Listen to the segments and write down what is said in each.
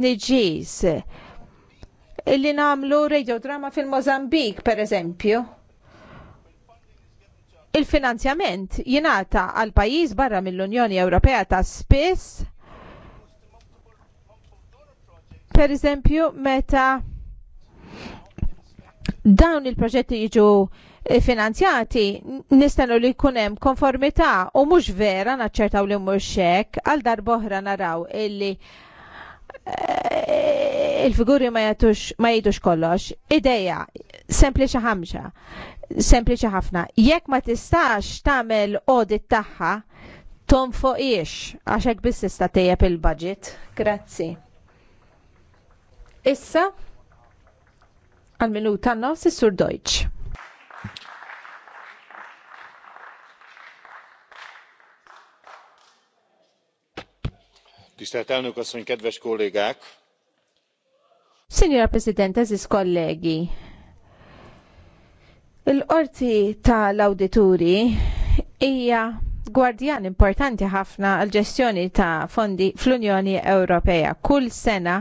tniġis li namlu radiodrama fil-Mozambik, per eżempju. Il-finanzjament jinata għal pajjiż barra mill-Unjoni Ewropea ta' spiss, per eżempju, meta dawn il-proġetti jiġu finanzjati nistenu li kunem konformità u mhux vera naċċertaw li mhux hekk għal darboħra naraw illi Eh, il-figuri ma jgħidux kollox. Ideja, sempliċi ħamxa, sempliċi ħafna. Jekk ma tistax tagħmel audit tagħha, tom fuqiex għax hekk biss tista' tejjeb il-budget. Grazzi. Issa għal minuta nofs is-Sur Deutsch. Tisztelt elnök asszony, kedves kollégák! Signora President, aziz kollegi, il-qorti tal-awdituri hija gwardjan importanti ħafna għal ġestjoni ta' fondi fl-Unjoni Ewropea. Kull sena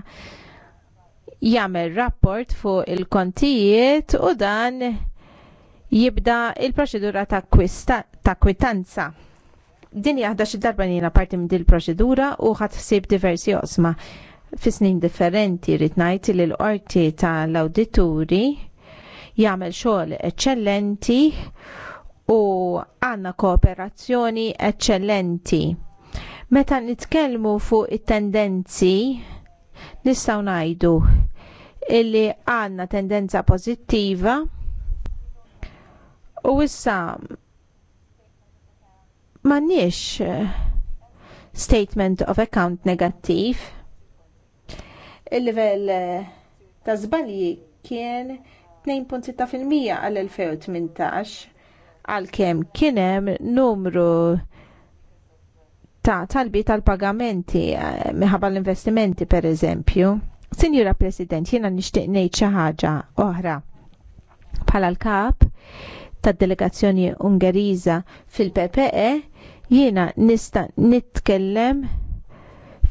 jagħmel rapport fuq il-kontijiet u dan jibda il-proċedura ta', ta kwitanza. Din hija xi darba jiena parti minn din il-proċedura u ħsieb diversi osma. Fi snin differenti rrid ngħid li l-qorti tal-awdituri jagħmel xogħol eċċellenti u għandna kooperazzjoni eċċellenti. Meta nitkellmu fuq it-tendenzi nistgħu ngħidu illi għandna tendenza pożittiva u issa m'għandniex eh, statement of account negattiv. Il-livell eh, ta' zbalji kien 2.6% għal-2018 għalkemm kien hemm numru ta' talbi tal-pagamenti eh, minħabba l-investimenti pereżempju. Sinjura President, jiena nixtieq ngħid xi ħaġa oħra bħala l-kap tad-delegazzjoni Ungeriża fil-PPE jiena nista' nitkellem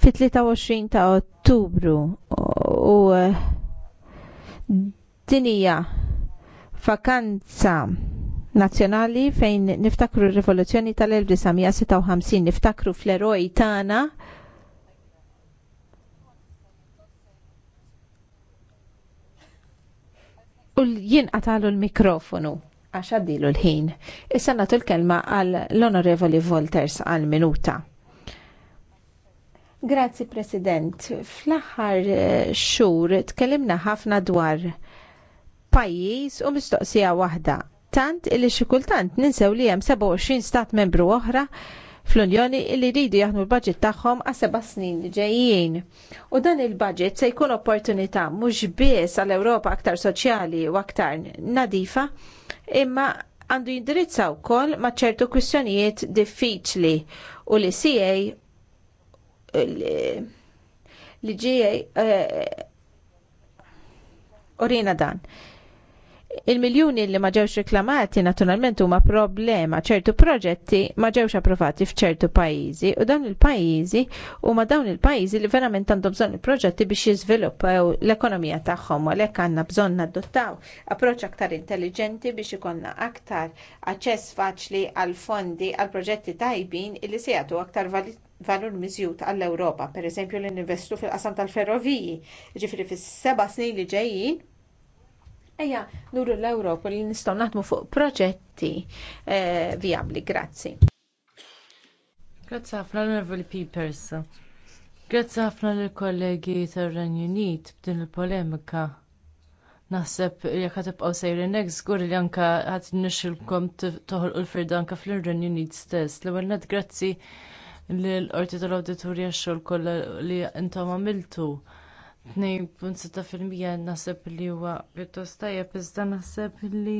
fit-23 ta' Ottubru u din hija vakanza nazzjonali fejn niftakru r-rivoluzzjoni tal-1956, niftakru fl-eroj tagħna u jien qatalu l-mikrofonu għax għaddilu l-ħin. Issa nagħtu l-kelma għal l-Onorevoli Volters għal minuta. Grazzi President, fl-aħħar eh, xhur tkellimna ħafna dwar pajjiż u mistoqsija waħda. Tant illi xi kultant ninsew li hemm 27 stat membru oħra fl-Unjoni li jridu jaħnu l-budget tagħhom għas seba' snin ġejjin. U dan il-budget se jkun opportunità mhux biss għall ewropa aktar soċjali u aktar nadifa, imma għandu jindirizza wkoll ma' ċertu kwistjonijiet diffiċli u li CA li ġie eh, orina dan. Il-miljuni li ma ġewx reklamati naturalment huma problema ċertu proġetti ma ġewx approvati f'ċertu pajjiżi u dawn il-pajjiżi huma dawn il-pajjiżi li verament għandhom bżonn il-proġetti biex jiżviluppaw l-ekonomija tagħhom u għalhekk għandna bżonn nadottaw approċċ aktar intelligenti biex ikollna aktar aċċess faċli għal fondi għal proġetti tajbin li se jagħtu aktar valur miżjut għall-Ewropa, pereżempju li ninvestu fil-qasam tal-ferroviji, ġifri fis-seba' snin li ġejjin Eja, nuru l-Europa li nistaw naħdmu fuq proġetti eh, viabli. Grazzi. Grazzi ħafna l-Nervoli Peepers. Grazzi ħafna l-kollegi tar-Renju Unit b'din il-polemika. Naħseb li ħad tibqgħu sejri hekk żgur li anke ħadd nixilkom toħolqu l-firda anke fl-Renju Unit stess. L-ewwel grazzi lill-qorti tal auditorja xol xogħol kollha li intom għamiltu 2.6% naħseb li huwa pjuttost tajjeb iżda naħseb li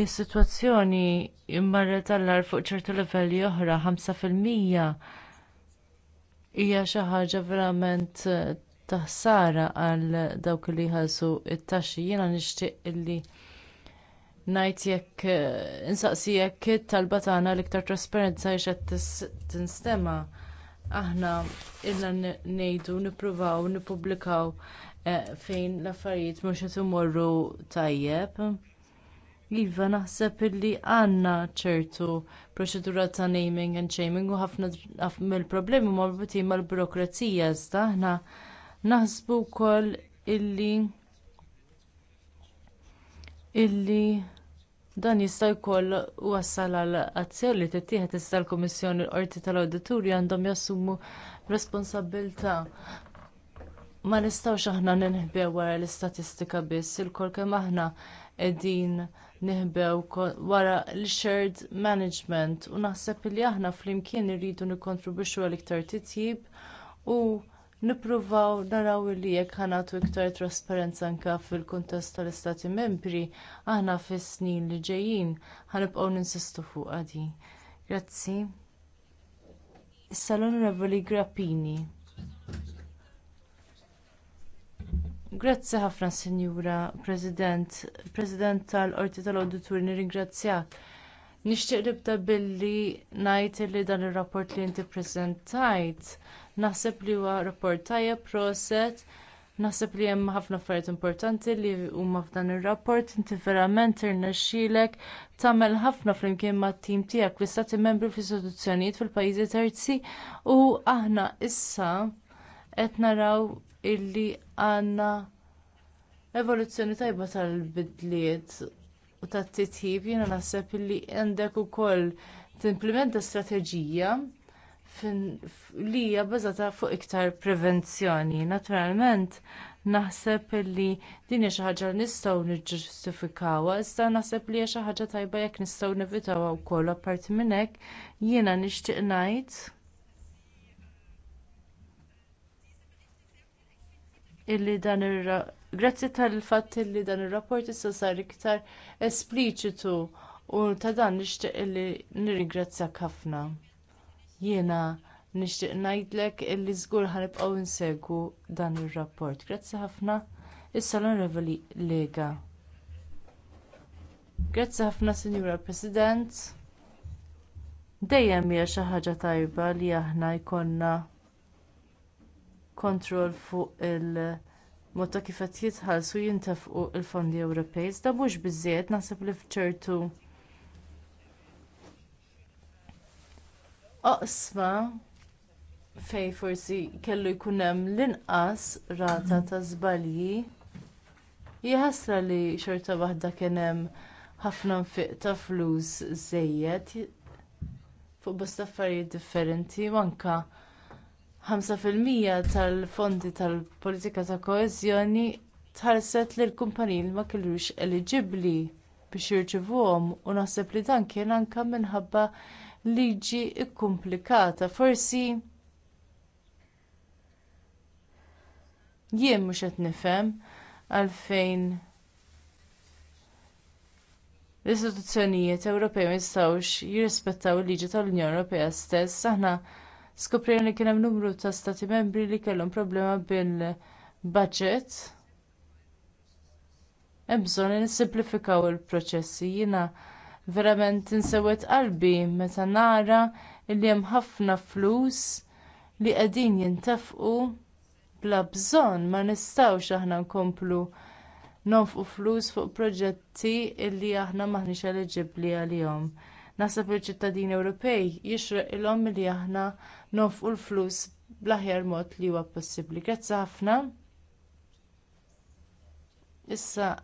is-sitwazzjoni mmarret tal-ar fuq ċertu livelli oħra 5% hija xi ħaġa verament eh, ta' ħsara għal dawk li jħallsu t-taxxi jiena nixtieq illi ngħid jekk eh, insaqsi jekk it-talba tagħna l-iktar trasparenza hija qed tinstema' aħna illa ngħidu nippruvaw nippubblikaw eh, fejn l-affarijiet mhux qed imorru tajjeb. Iva naħseb illi għandna ċertu proċedura ta' naming and shaming u ħafna mill-problemi marbutin mal-burokrazija iżda aħna naħsbu wkoll illi illi dan jista' jkoll wassal għal azzjoni li tittieħed iżda l-kummissjoni l-qorti tal-awdituri għandhom jassumu responsabbiltà ma nistgħux aħna ninħbew wara l-istatistika biss ilkoll kemm aħna qegħdin niħbew wara l-shared management u naħseb li aħna flimkien irridu nikkontribwixxu għal iktar titjib u nippruvaw naraw li jekk ħanatu iktar trasparenza anke fil-kuntest tal-istati membri aħna fis-snin li ġejjin ħanibqgħu ninsistu fuq din. Grazzi. Issa l-Onorevoli Grappini. Grazzi ħafna Sinjura President, President tal-Qorti tal-Auditur nirringrazzjak. Nixtieq nibda billi ngħid li dan ir-rapport li inti ppreżentajt Naħseb li huwa rapport tajjeb proset. Naħseb li hemm ħafna affarijiet importanti li huma f'dan ir-rapport inti verament irnexxielek tagħmel ħafna flimkien mat-tim tiegħek fl-istati membri fl-istituzzjonijiet fil-pajjiżi terzi u aħna issa qed naraw illi għandna evoluzzjoni tajba tal-bidliet u tat-titjib jiena naħseb illi għandek ukoll timplementa strateġija li hija bbażata fuq iktar prevenzjoni. Naturalment, naħseb li din hija xi ħaġa li nistgħu niġġustifikawha, iżda naħseb li hija xi ħaġa tajba jekk nistgħu nevitawha wkoll apparti minn hekk jiena nixtieq ngħid illi dan ir grazzi tal-fatt li dan ir-rapport issa sar iktar espliċitu u ta' dan nixtieq li nirringrazzjak ħafna jiena nixtieq ngħidlek illi żgur ħanibqgħu insegu dan ir-rapport. Grazzi ħafna issa l-Onorevoli Lega. Grazzi ħafna Sinjura President. Dejjem hija xi ħaġa tajba li aħna jkollna kontroll fuq il- mod ta' kif qed jitħallsu jintefqu l-fondi Ewropej. Iżda mhux biżżejjed naħseb li f'ċertu oqsma fejn forsi kellu jkun hemm l-inqas rata ta' żbalji hija ħasra li xorta waħda kien hemm ħafna nfiq ta' flus żejjed fuq bosta affarijiet differenti u anke 5% tal-fondi tal-politika ta' koeżjoni tħarset li l-kumpaniji ma kinux eliġibbli biex jirċivuhom u naħseb li dan kien anke minħabba liġi kumplikata Forsi jien mhux qed nifhem għalfejn l-istituzzjonijiet Ewropej ma jistgħux jirrispettaw il-liġi tal-Unjoni Ewropea stess. Aħna skoprejna li kien hemm numru ta' stati membri li kellhom problema bil-budget. Hemm bżonn nisimplifikaw il-proċessi jiena verament insewet qalbi meta nara li hemm ħafna flus li qegħdin jintefqu bla bżonn ma nistgħux aħna nkomplu nonfqu flus fuq proġetti li aħna maħniex eliġibbli għalihom. Naħseb il-ċittadini Ewropej jixreq ilhom li aħna nonfqu l-flus bl-aħjar mod li huwa possibbli. Grazzi ħafna. Issa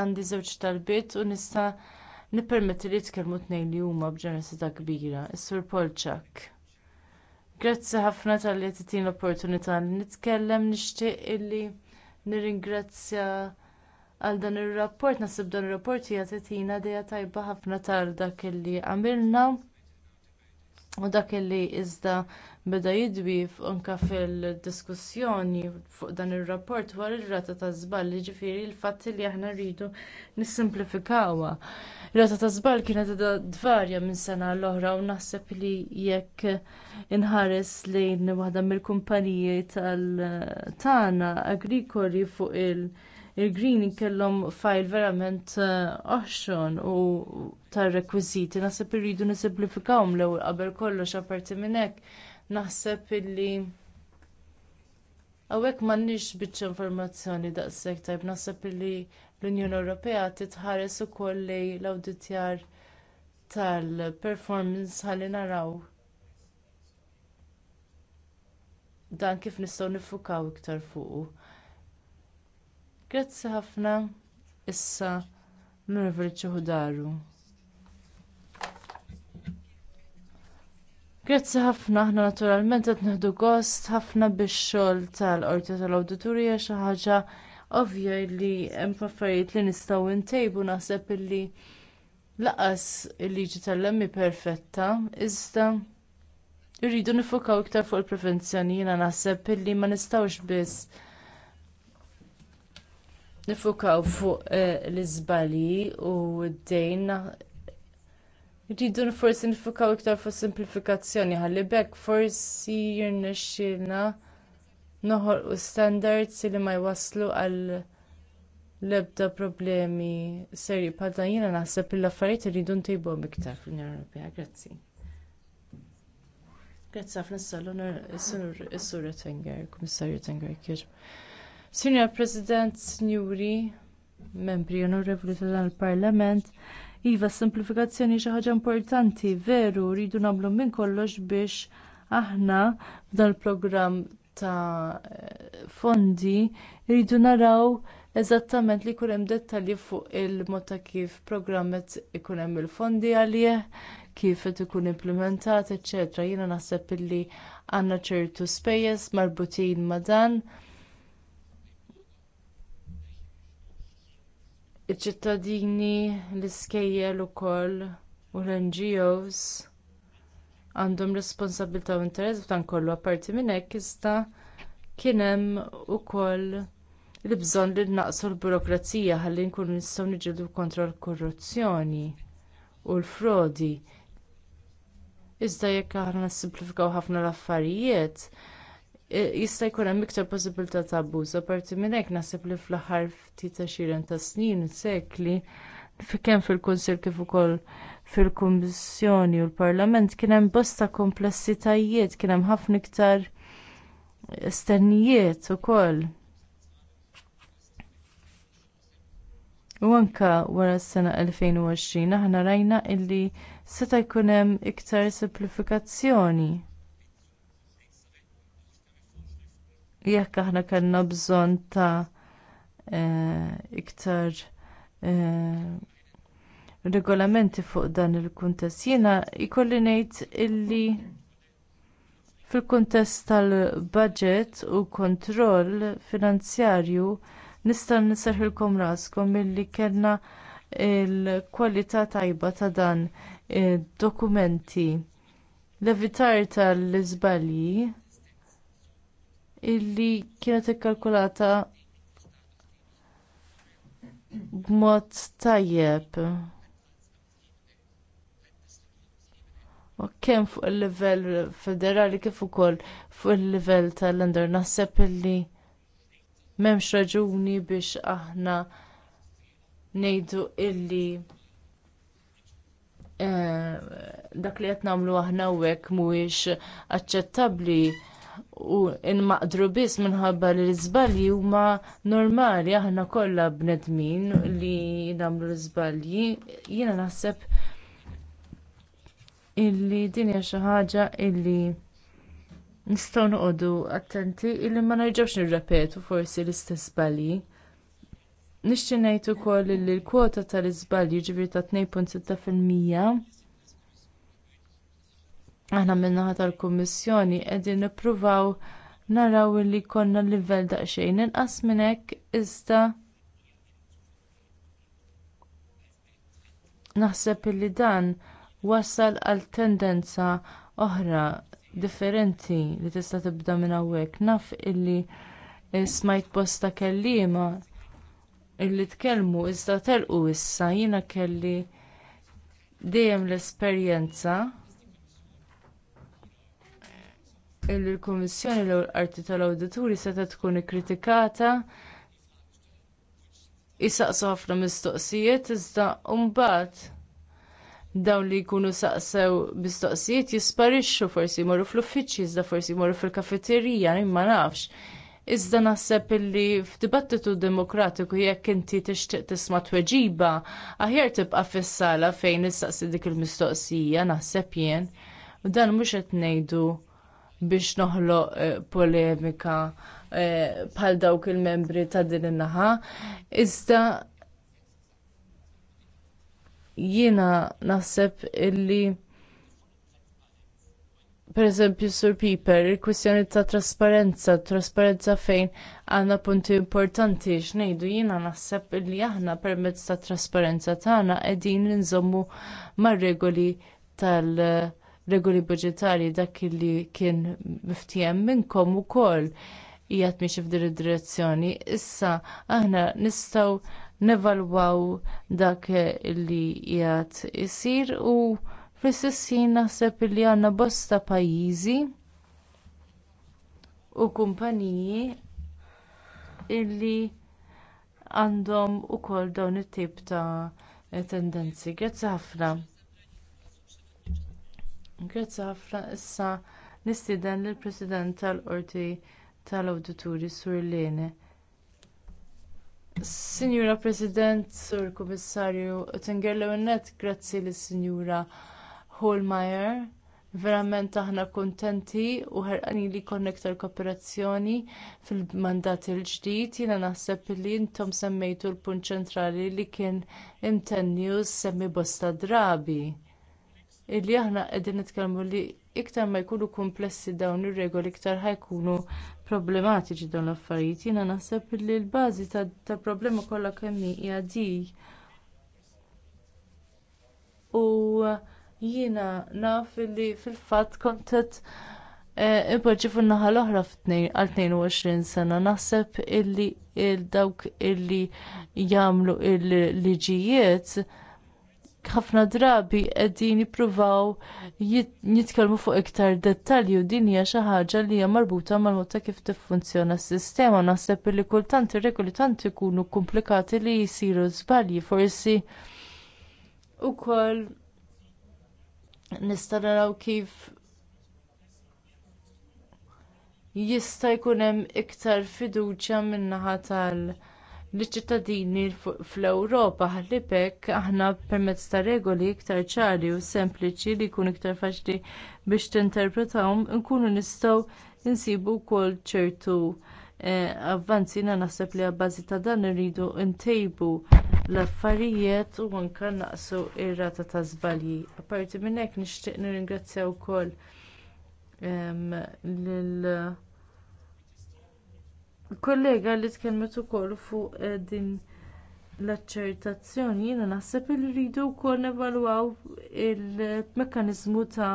għandi żewġ talbiet u nista' nippermetti li jitkellmu tnejn li huma b'ġenerosità kbira is-sur polchak grazzi ħafna talli qed l-opportunità li nitkellem nixtieq illi nirringrazzja għal dan ir-rapport naħseb dan ir-rapport hija tagħtina idea tajba ħafna tal dak illi għamilna u dak li iżda beda jidbief anke fil-diskussjoni fuq dan ir-rapport dwar ir-rata ta' żball jiġifieri l-fatt li aħna rridu nissimplifikawha. Ir-rata ta' żball kienet tvarja minn sena l-oħra u naħseb li jekk inħares lejn waħda mill-kumpaniji tal-tagħna agrikoli fuq il- il-Green kellhom fajl verament eh, oħxon u tar-rekwiżiti naħseb irridu nisimplifikawhom l-ewwel qabel kollox apparti minn hekk naħseb illi Għawek m'għandniex biċċa informazzjoni daqshekk tajb naħseb illi l-Unjoni Ewropea titħares ukoll lejn l-awditjar tal-performance ħalli naraw dan kif nistgħu niffukaw iktar fuqu. Grazzi ħafna issa l-Onorevoli Grazzi ħafna aħna naturalment qed nieħdu gost ħafna bix-xogħol tal-qorti tal-awdituri hija xi ħaġa ovvja li hemm affarijiet li nistgħu ntejbu naħseb illi lanqas il-liġi tal-lemmi perfetta iżda irridu nifukaw iktar fuq il-prevenzjoni jiena naħseb illi ma nistgħux biss nifukaw fuq eh, l-iżbalji u d-dejn Rridu forsi nifukaw iktar fuq simplifikazzjoni ħalli bekk forsi jirnexxielna noħolqu standards li ma jwasslu għal l-ebda problemi serji bħal dan jiena naħseb li l-affarijiet irridu ntejbuhom iktar fl-Unjoni Ewropea. Grazzi. Grazzi ħafna s-sal, Sur Rettinger, Kummissarju Rettinger, kieġ. Signor President, Signori, membri onorevoli tal-Parlament, iva simplifikazzjoni xi ħaġa importanti, veru rridu nagħmlu minn kollox biex aħna dal-programm ta' fondi rridu naraw eżattament li jkun hemm dettalji fuq il-mod ta' kif programmet ikun hemm il-fondi għalih, kif qed ikun implementat, eċċetera. Jiena naħseb illi għandna ċertu spejjeż marbutin ma' dan iċ-ċittadini l-iskejjel ukoll u l-ngos għandhom responsabbiltà u interess f'dan kollu apparti minn hekk iżda kien hemm ukoll il-bżonn li naqsu l-burokrazija ħalli nkunu nistgħu niġġieldu kontra l-korruzzjoni u l-frodi iżda jekk aħna nissimplifikaw ħafna l-affarijiet jista' jkun hemm iktar possibilità ta' abbuż. Apparti minn hekk naħseb li fl-aħħar ftit ta' xiren ta' snin sekli kemm fil-Kunsill kif ukoll fil-Kummissjoni u l-Parlament kien hemm bosta komplessitajiet, kien hemm ħafna iktar stennijiet ukoll. U anke wara s-sena 2020 aħna rajna illi seta' jkun hemm iktar simplifikazzjoni. jekk aħna kellna bżonn ta' e, iktar e, regolamenti fuq dan il-kuntest. Jiena jkolli ngħid illi fil-kuntest tal-budget u kontroll finanzjarju nista' nisserħilkom raskom illi kellna il-kwalità tajba ta' dan id-dokumenti. E, L-evitar tal-iżbalji illi kienet ikkalkulata b'mod tajjeb. U kemm fuq il-livell federali kif ukoll fuq il-livell tal-lender naħseb illi m'hemmx raġuni biex aħna ngħidu illi eh, dak li qed nagħmlu aħna hawnhekk mhuwiex aċċettabbli u nmaqdru biss minħabba li l-iżbalji huma normali aħna kollha bnedmin li nagħmlu l-iżbalji jiena naħseb illi din hija xi ħaġa illi nistgħu noqogħdu attenti illi ma nerġgħux nirrepetu forsi l-istess żbalji. Nixtieq ngħid ukoll li l-kwota tal-iżbalji ġifieri ta' 2.6 aħna min-naħa tal-kummissjoni qegħdin nippruvaw naraw li jkollna livell daqsxejn inqas minn hekk iżda naħseb li dan wassal għal tendenza oħra differenti li tista' tibda minn hawnhekk naf illi smajt bosta kelliema illi tkellmu iżda telqu issa jiena kelli dejjem l-esperjenza l kummissjoni l qorti tal-Awdituri seta' tkun ikkritikata jisaqsu ħafna mistoqsijiet iżda mbagħad dawn li jkunu saqsew mistoqsijiet jisparixxu forsi jmorru fl-uffiċċji iżda forsi jmorru fil-kafeterija ma nafx. Iżda naħseb illi f'dibattitu demokratiku jekk inti tixtieq tisma' tweġiba, aħjar tibqa' fis-sala fejn nistaqsi dik il-mistoqsija naħseb jien. U dan mhux qed ngħidu biex noħloq eh, polemika eh, bħal dawk il-membri ta' din in-naħa. Iżda jiena naħseb illi per eżempju Sur Piper, il kwestjoni ta' trasparenza, trasparenza fejn għandna punti importanti x'ngħidu jiena naħseb illi aħna permezz ta' trasparenza tagħna qegħdin nżommu mar-regoli tal- regoli budgetari dak li kien miftiem minnkom ukoll jgħat miex f'din id-direzzjoni. Issa aħna nistgħu nevalwaw dak li jgħat isir u fl-istessin naħseb li għandna bosta pajjiżi u kumpaniji illi għandhom ukoll dawn it-tip ta' tendenzi. Grazzi ħafna. Grazzi ħafna issa nistieden lill president tal-Qorti tal-Awdituri Sur Lene. Sinjura President, Sur Kummissarju, Oettinger Lewinet, grazzi lis Sinjura Holmeyer. Verament aħna kuntenti u ħerqani li jkollna l-kooperazzjoni fil-mandat il-ġdid. Jiena naħseb li intom semmejtu l-punt ċentrali li kien imtennju semmi bosta drabi illi aħna qegħdin nitkellmu li iktar ma jkunu komplessi dawn ir-regoli iktar ħajkunu problematiċi dawn l-affarijiet. Jiena naħseb li l-bażi tal-problema kollha kemm hija dik. U jiena naf li fil-fatt kont qed eh, ipoġġi fin-naħa l-oħra għal 22 sena naħseb illi dawk illi jagħmlu l-liġijiet ħafna drabi qegħdin jippruvaw jitkellmu fuq iktar dettalji u din hija xi ħaġa li hija marbuta mal-mod ta' kif tiffunzjona s-sistema naħseb li kultant ir-regoli tant ikunu komplikati li jsiru żbalji forsi ukoll nista' naraw kif jista' jkun hemm iktar fiduċja min-naħa tal- liċ-ċittadini fl-Ewropa ħalli aħna permezz ta' regoli iktar ċari u sempliċi li jkunu iktar faċli biex tinterpretawhom inkunu nistgħu nsibu wkoll ċertu eh, avvanzi na naħseb li għabbażi ta' dan irridu ntejbu l-affarijiet u anke naqsu r rata ta' żbalji. Apparti minn hekk nixtieq nirringrazzja wkoll ehm, lill kollega li tkellmet ukoll fuq eh, din l-aċċertazzjoni jiena naħseb li rridu wkoll nevalwaw il-mekkaniżmu ta'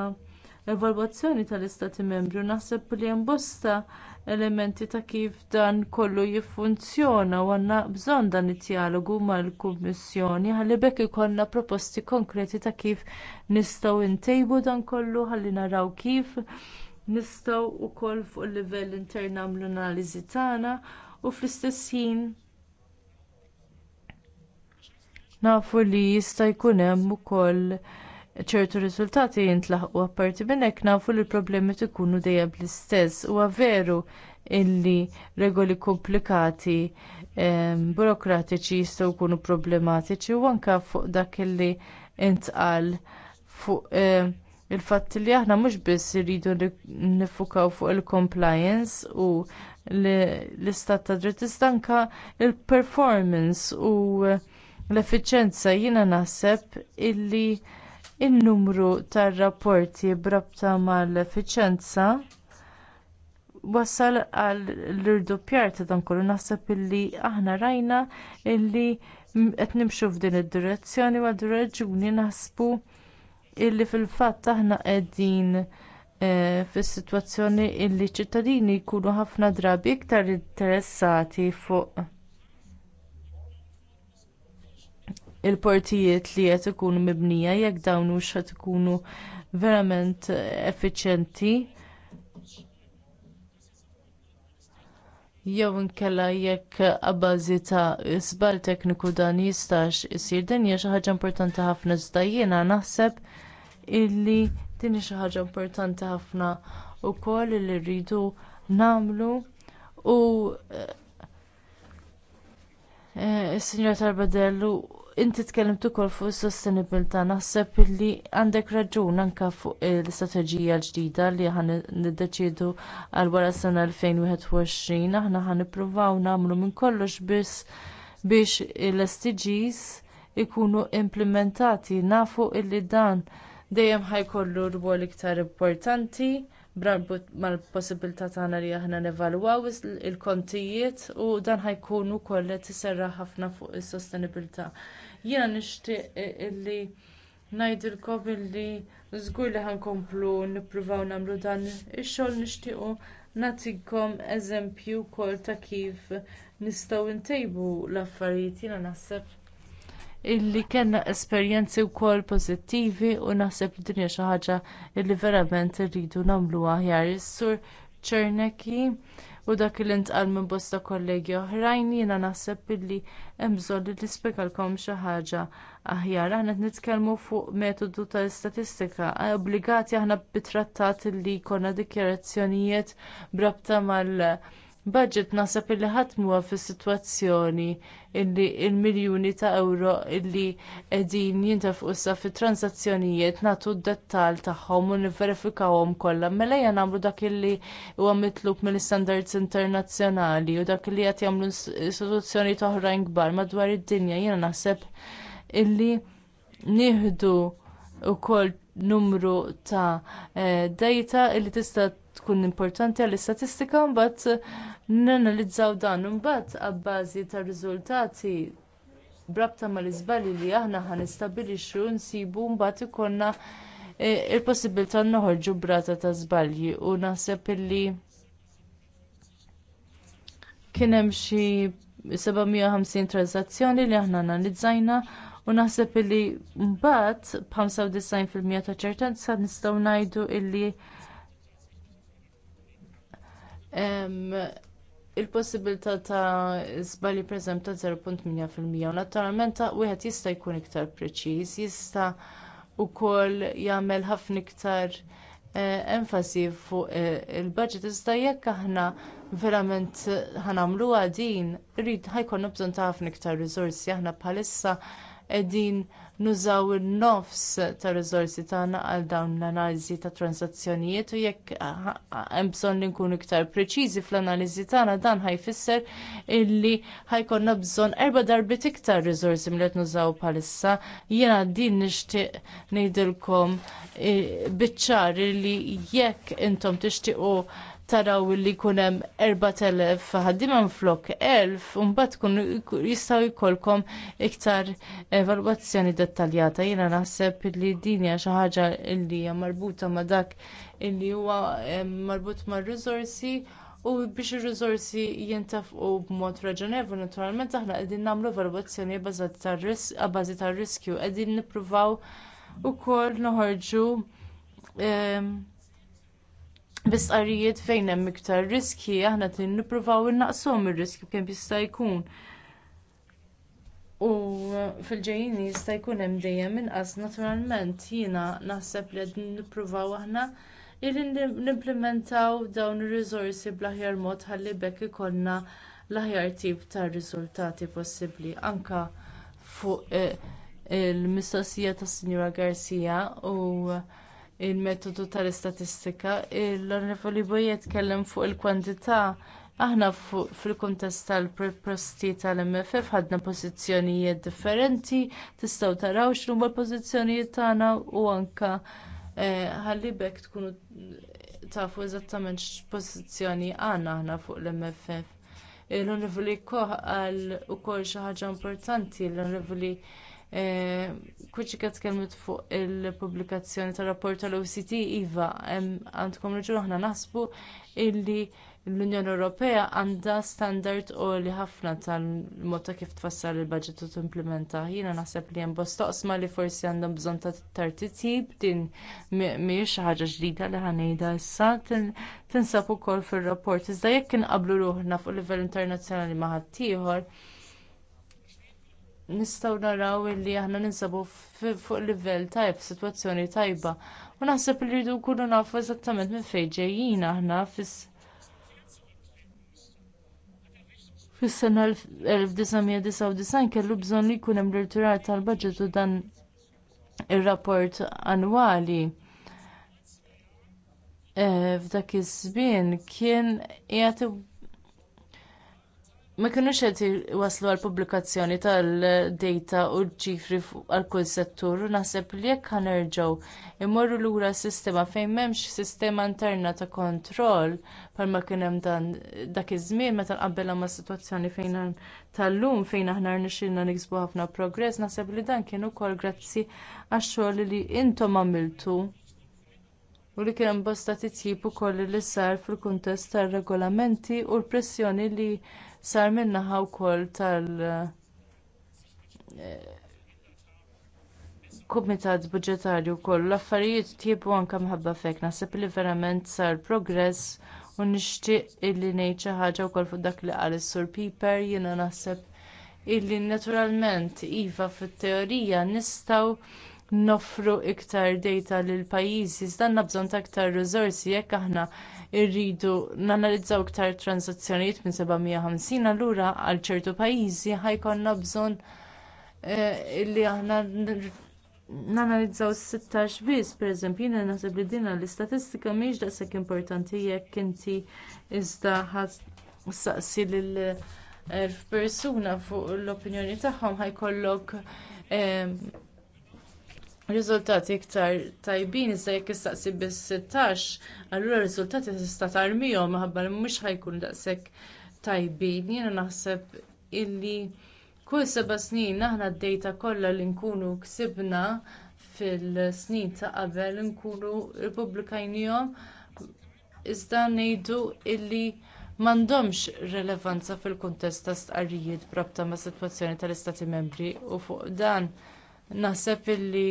evalwazzjoni tal-istati membri u naħseb li hemm bosta elementi ta' kif dan kollu jiffunzjona u għandna bżonn dan id-dijalogu mal-kummissjoni ħalli bekk ikollna proposti konkreti ta' kif nistgħu ntejbu dan kollu ħalli naraw kif nistgħu wkoll fuq il-livell intern nagħmlu analiżi tagħna u fl-istess ħin nafu li jista' jkun hemm ukoll ċertu riżultati jintlaħqu apparti minn hekk nafu li l-problemi tkunu dejjem l-istess huwa veru illi regoli komplikati ehm, burokratiċi jistgħu jkunu problematiċi u anke fuq dak illi intqal fuq ehm, il-fatt li aħna mhux biss irridu nifukaw fuq il-compliance u l-istat ta' dritt iżda anke l performance u l-effiċenza jiena naħseb illi in-numru tar-rapporti b'rabta mal-effiċenza wassal għal l-irdoppjar ta' dan kollu naħseb illi aħna rajna illi qed nimxu f'din id-direzzjoni u għad raġuni naħsbu illi fil-fatt aħna qegħdin eh, fis-sitwazzjoni illi ċ-ċittadini jkunu ħafna drabi iktar interessati fuq il-portijiet li qed ikunu mibnija jekk dawn hux qed ikunu verament effiċjenti jew inkella jekk abbażi ta' żball tekniku dan jistax isir din hija xi ħaġa importanti ħafna iżda jiena naħseb illi din xi ħaġa importanti ħafna wkoll li rridu nagħmlu u s-Sinjor eh, eh, Tarbadellu, inti tkellimt ukoll fuq is-sostenibilità naħseb illi għandek raġun anke fuq l-istrateġija l-ġdida li ħan niddeċiedu għal wara s-sena 2021 aħna ħan nippruvaw nagħmlu minn kollox biss biex l-SDGs ikunu implementati nafu illi dan dejjem ħajkollu rwol iktar importanti mal-possibilità tagħna li aħna nevalwaw il-kontijiet u dan ħajkun ukoll qed iserraħ ħafna fuq is-sostenibilità. Jiena nixtieq illi ngħidilkom illi żgur li ħankomplu nippruvaw nagħmlu dan ix-xogħol nixtiequ nagħtikom eżempju wkoll ta' kif nistgħu ntejbu l-affarijiet jiena naħseb illi kellna esperjenzi wkoll pożittivi u naħseb li din hija xi ħaġa li verament irridu nagħmluha aħjar. Is-Sur Czernecki u dak li ntqal minn bosta kollegi oħrajn jiena naħseb illi hemm bżonn li nispjegalkom xi ħaġa aħjar. Aħna qed nitkellmu fuq metodu tal-istatistika obbligati aħna bit-trattat illi jkollna dikjarazzjonijiet b'rabta mal- budget naħseb illi ħatmuha fis-sitwazzjoni illi l-miljuni ta' ewro illi qegħdin jintefqu issa fit-transazzjonijiet nagħtu d-dettall tagħhom u nivverifikawhom kollha mela ejja nagħmlu dak illi huwa mitlub mill-istandards internazzjonali u dak illi qed jagħmlu istituzzjonijiet oħrajn kbar madwar id-dinja jiena naħseb illi nieħdu wkoll numru ta' eh, dejta li tista' tkun importanti għall-istatistika mbagħad eh, nanalizzaw dan imbagħad abbażi tar-riżultati b'rabta mal-iżbalji li aħna ħanistabbilixxu nsibu mbagħad ikollna eh, l possibilità noħorġu brata ta' żbalji u naħseb illi kien hemm xi 750 transazzjoni li aħna analizzajna u naħseb illi mbagħad b'95% ta' ċertezza nistgħu ngħidu illi il-possibilità ta' żbalji preżem ta' 0.8% u naturalment wieħed jista' jkun iktar preċiż, jista' wkoll jagħmel ħafna iktar eh, enfasi fuq eh, il-budget iżda jekk aħna verament ħanamluha din rid ħajkonna bżonn ta' ħafna iktar riżorsi aħna bħalissa qegħdin nużaw in-nofs tar-riżorsi tagħna għal dawn l-analiżi ta' transazzjonijiet u jekk hemm bżonn li nkunu iktar preċiżi fl-analiżi tagħna dan ħajfisser illi ħajkonna bżonn erba' darbit iktar riżorsi milli qed nużaw bħalissa. Jiena din nixtieq ngħidilkom biċ-ċar li jekk intom tixtiequ taraw li kunem 4.000 ħaddima flok 1.000 bat kun jistaw jikolkom iktar evalwazzjoni dettaljata. jina naħseb li dinja xaħġa li marbuta ma dak li huwa marbut ma' rizorsi u biex ir u jintafqu b'mod raġanevu naturalment aħna qegħdin nagħmlu evalwazzjoni bażi tar-riskju qegħdin nippruvaw ukoll noħorġu Bisqarijiet fejn hemm iktar riski aħna qed nippruvaw innaqshom ir-riski kemm jista' jkun. U fil-ġejjini jista' jkun hemm dejjem inqas naturalment jiena naħseb li qed nippruvaw aħna illi nimplementaw dawn ir-riżorsi bl-aħjar mod ħalli bekk ikollna l-aħjar tip ta' riżultati possibbli anke fuq eh, il-mistoqsija tas Sinjura Garcia u il-metodu tal-istatistika l-onorevoli boye tkellem fuq il-kwantità aħna fil-kuntest tal-proposti tal-mff ħadna pożizzjonijiet differenti tistgħu taraw x'huma l-pożizzjonijiet tagħna u anke eh, ħalli bekk tkunu tafu eżattament x'pożizzjoni għandna aħna fuq l-mff l-onorevoli koch qal ukoll xi ħaġa importanti l-onorevoli Eh, Kwiċi kħat kelmet fuq il-publikazzjoni tar rapport tal-OCT, Iva, għandkom raġun aħna naħsbu illi l-Unjoni Ewropea għandha standard u li ħafna tal-mod ta' kif tfassal il-budget u timplementa. Jiena naħseb li hemm bostoqsma li forsi għandhom bżonn ta' tartitib din miex xi ħaġa ġdida li ħanejda issa tinsab ukoll fir-rapport. Iżda jekk inqablu ruħna fuq livell internazzjonali ma' ħaddieħor, nistgħu naraw li aħna ninsabu fuq livell tajb, sitwazzjoni tajba. U naħseb li rridu nkunu nafu eżattament minn fejn ġejjin aħna fis Fis-sena 1999 kellu bżonn li jkun hemm l-irtirar tal-baġġet u dan ir-rapport annwali. Eh, f'dak iż-żmien kien qiegħed ma kinux qed waslu għal pubblikazzjoni tal-data u ċifri għal kull settur u naħseb li jekk ħanerġgħu imorru lura s-sistema fejn m'hemmx sistema interna ta' kontroll bħalma kien hemm dan dak iż-żmien meta nqabbelha mas sitwazzjoni fejn tal-lum fejn aħna rnexxilna niksbu ħafna progress naħseb li dan kien ukoll grazzi għax-xogħol li intom għamiltu u li kien hemm bosta titjib ukoll li sar fil-kuntest tar-regolamenti u l-pressjoni li sar min-naħa wkoll tal- eh, kumitat budġetarju wkoll l-affarijiet tjiebu anke minħabba f'hekk naħseb li verament sar progress u nixtieq illi ngħid xi ħaġa wkoll fuq dak li qal is-sur Piper jiena naħseb illi naturalment iva fit-teorija nistgħu noffru iktar dejta lil pajjiżi iżda għandna bżonn ta' iktar riżorsi jekk aħna irridu nanalizzaw iktar transazzjonijiet minn 750 allura għal ċertu pajjiżi ħajkonna bżonn eh, li aħna nanalizzaw 16 biss pereżempju jiena naħseb li din l-istatistika mhijiex daqshekk importanti jekk inti iżda ħadd saqsi lil persuna fuq l-opinjoni tagħhom ħajkollok eh, riżultati iktar tajbin iżda jekk jistaqsi bis-16, allura r-riżultati tista' tarmihom minħabba li mhux ħajkun daqshekk tajbin. Jiena naħseb illi kull seba' snin aħna d-dejta kollha li nkunu ksibna fil-snin ta' qabel nkunu rpubblikajnihom iżda ngħidu illi m'għandhomx relevanza fil-kuntest ta' stqarrijiet b'rabta mas-sitwazzjoni tal-istati membri u fuq dan naħseb illi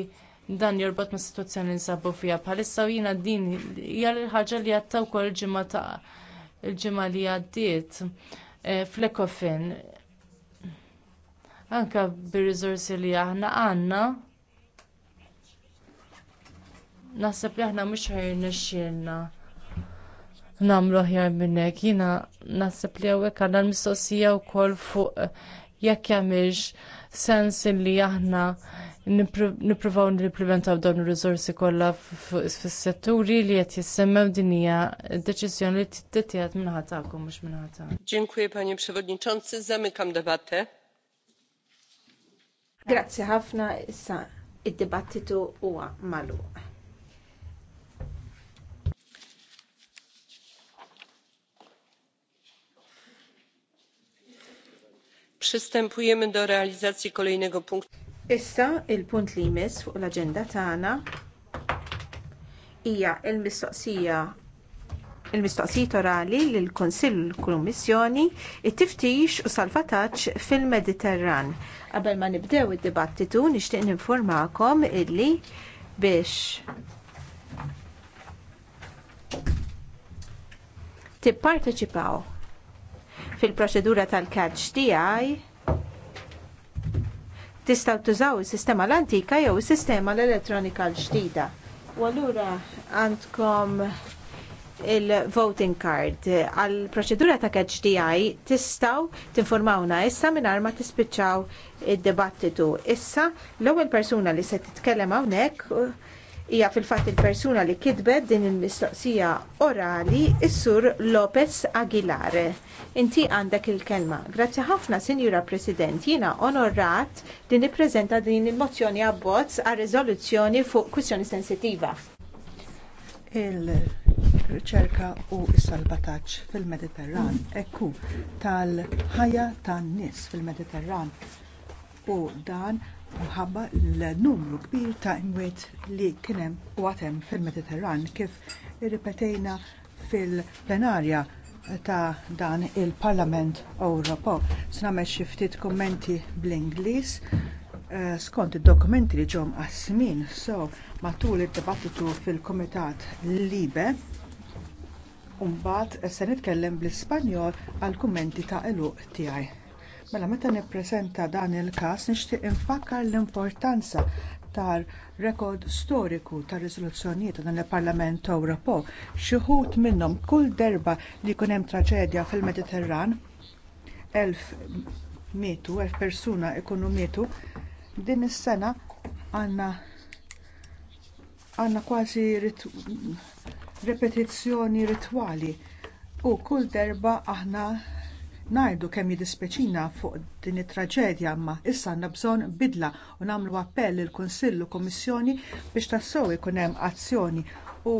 dan jorbot ma' situazzjoni li nsabu fija bħalissa u jiena din hija l-ħaġa li għatta wkoll il-ġimgħa ta' il-ġimgħa li għaddiet eh, fl-ekofin. Anka bir-riżorsi li aħna għandna naħseb li aħna mhux Nagħmlu aħjar minn minnek. Jiena naħseb li hawnhekk għandna l-mistoqsija wkoll fuq jekk jamiex sens li aħna nippruvaw nipplementaw dawn ir-riżorsi kollha fis-setturi li qed jissemmew din hija deċiżjoni li tittieħed minn ħatakom mhux minn ħatan. Dziękuję panie przewodniczący, zamykam debatę. Grazzi ħafna issa id-dibattitu huwa magħluq. Przystępujemy do realizacji kolejnego punktu. Issa il-punt li jmiss fuq l-aġenda tagħna hija l-mistoqsija il mistoqsijiet orali lill kunsill l-Kummissjoni it-tiftix u salvataġġ fil-Mediterran. Qabel ma nibdew id-dibattitu nixtieq ninformakom illi biex tipparteċipaw fil-proċedura tal-catch tiegħi tistgħu tużaw is-sistema l-antika jew is-sistema l-elettronika l-ġdida. U allura għandkom il-voting card għal proċedura ta' catch DI tistaw tinformawna issa mingħajr ma tispiċċaw id-debattitu. Issa l-ewwel persuna li se titkellem hawnhekk hija fil-fatt il-persuna li kitbet din il-mistoqsija orali is-sur Lopez Aguilar. Inti għandek il-kelma. Grazzi ħafna, Sinjura President, jiena onorat li nippreżenta din il-mozzjoni abbozz għal riżoluzzjoni fuq kwistjoni sensittiva. Il-riċerka u s-salvataġġ fil-Mediterran, ekku tal-ħajja tan-nies fil-Mediterran u dan minħabba l-numru kbir ta' imwiet li kien hemm u hemm fil-Mediterran kif irripetejna fil-plenarja ta' dan il-Parlament Ewropew. Snamel xi ftit kummenti bl-Ingliż eh, skont id-dokumenti li ġew mqassmin, so matul id-dibattitu fil-Kumitat Libe u mbagħad se nitkellem bl-Ispanjol għall kummenti ta' eluq tiegħi. Mela meta nippreżenta dan il-każ nixtieq infakkar l-importanza tar-rekord storiku tar-riżoluzzjonijiet ta' dan il-Parlament Ewropew. Xi wħud minnhom kull darba li jkun hemm traġedja fil-Mediterran elf mietu, elf persuna ikunu mietu, din is-sena għandna għandna kważi rit repetizzjoni ritwali u kull darba aħna Ngħidu kemm jiddispjaċina fuq din it-traġedja imma issa għandna bżonn bidla u nagħmlu appell lill kunsill u Kummissjoni biex tassew ikun hemm azzjoni u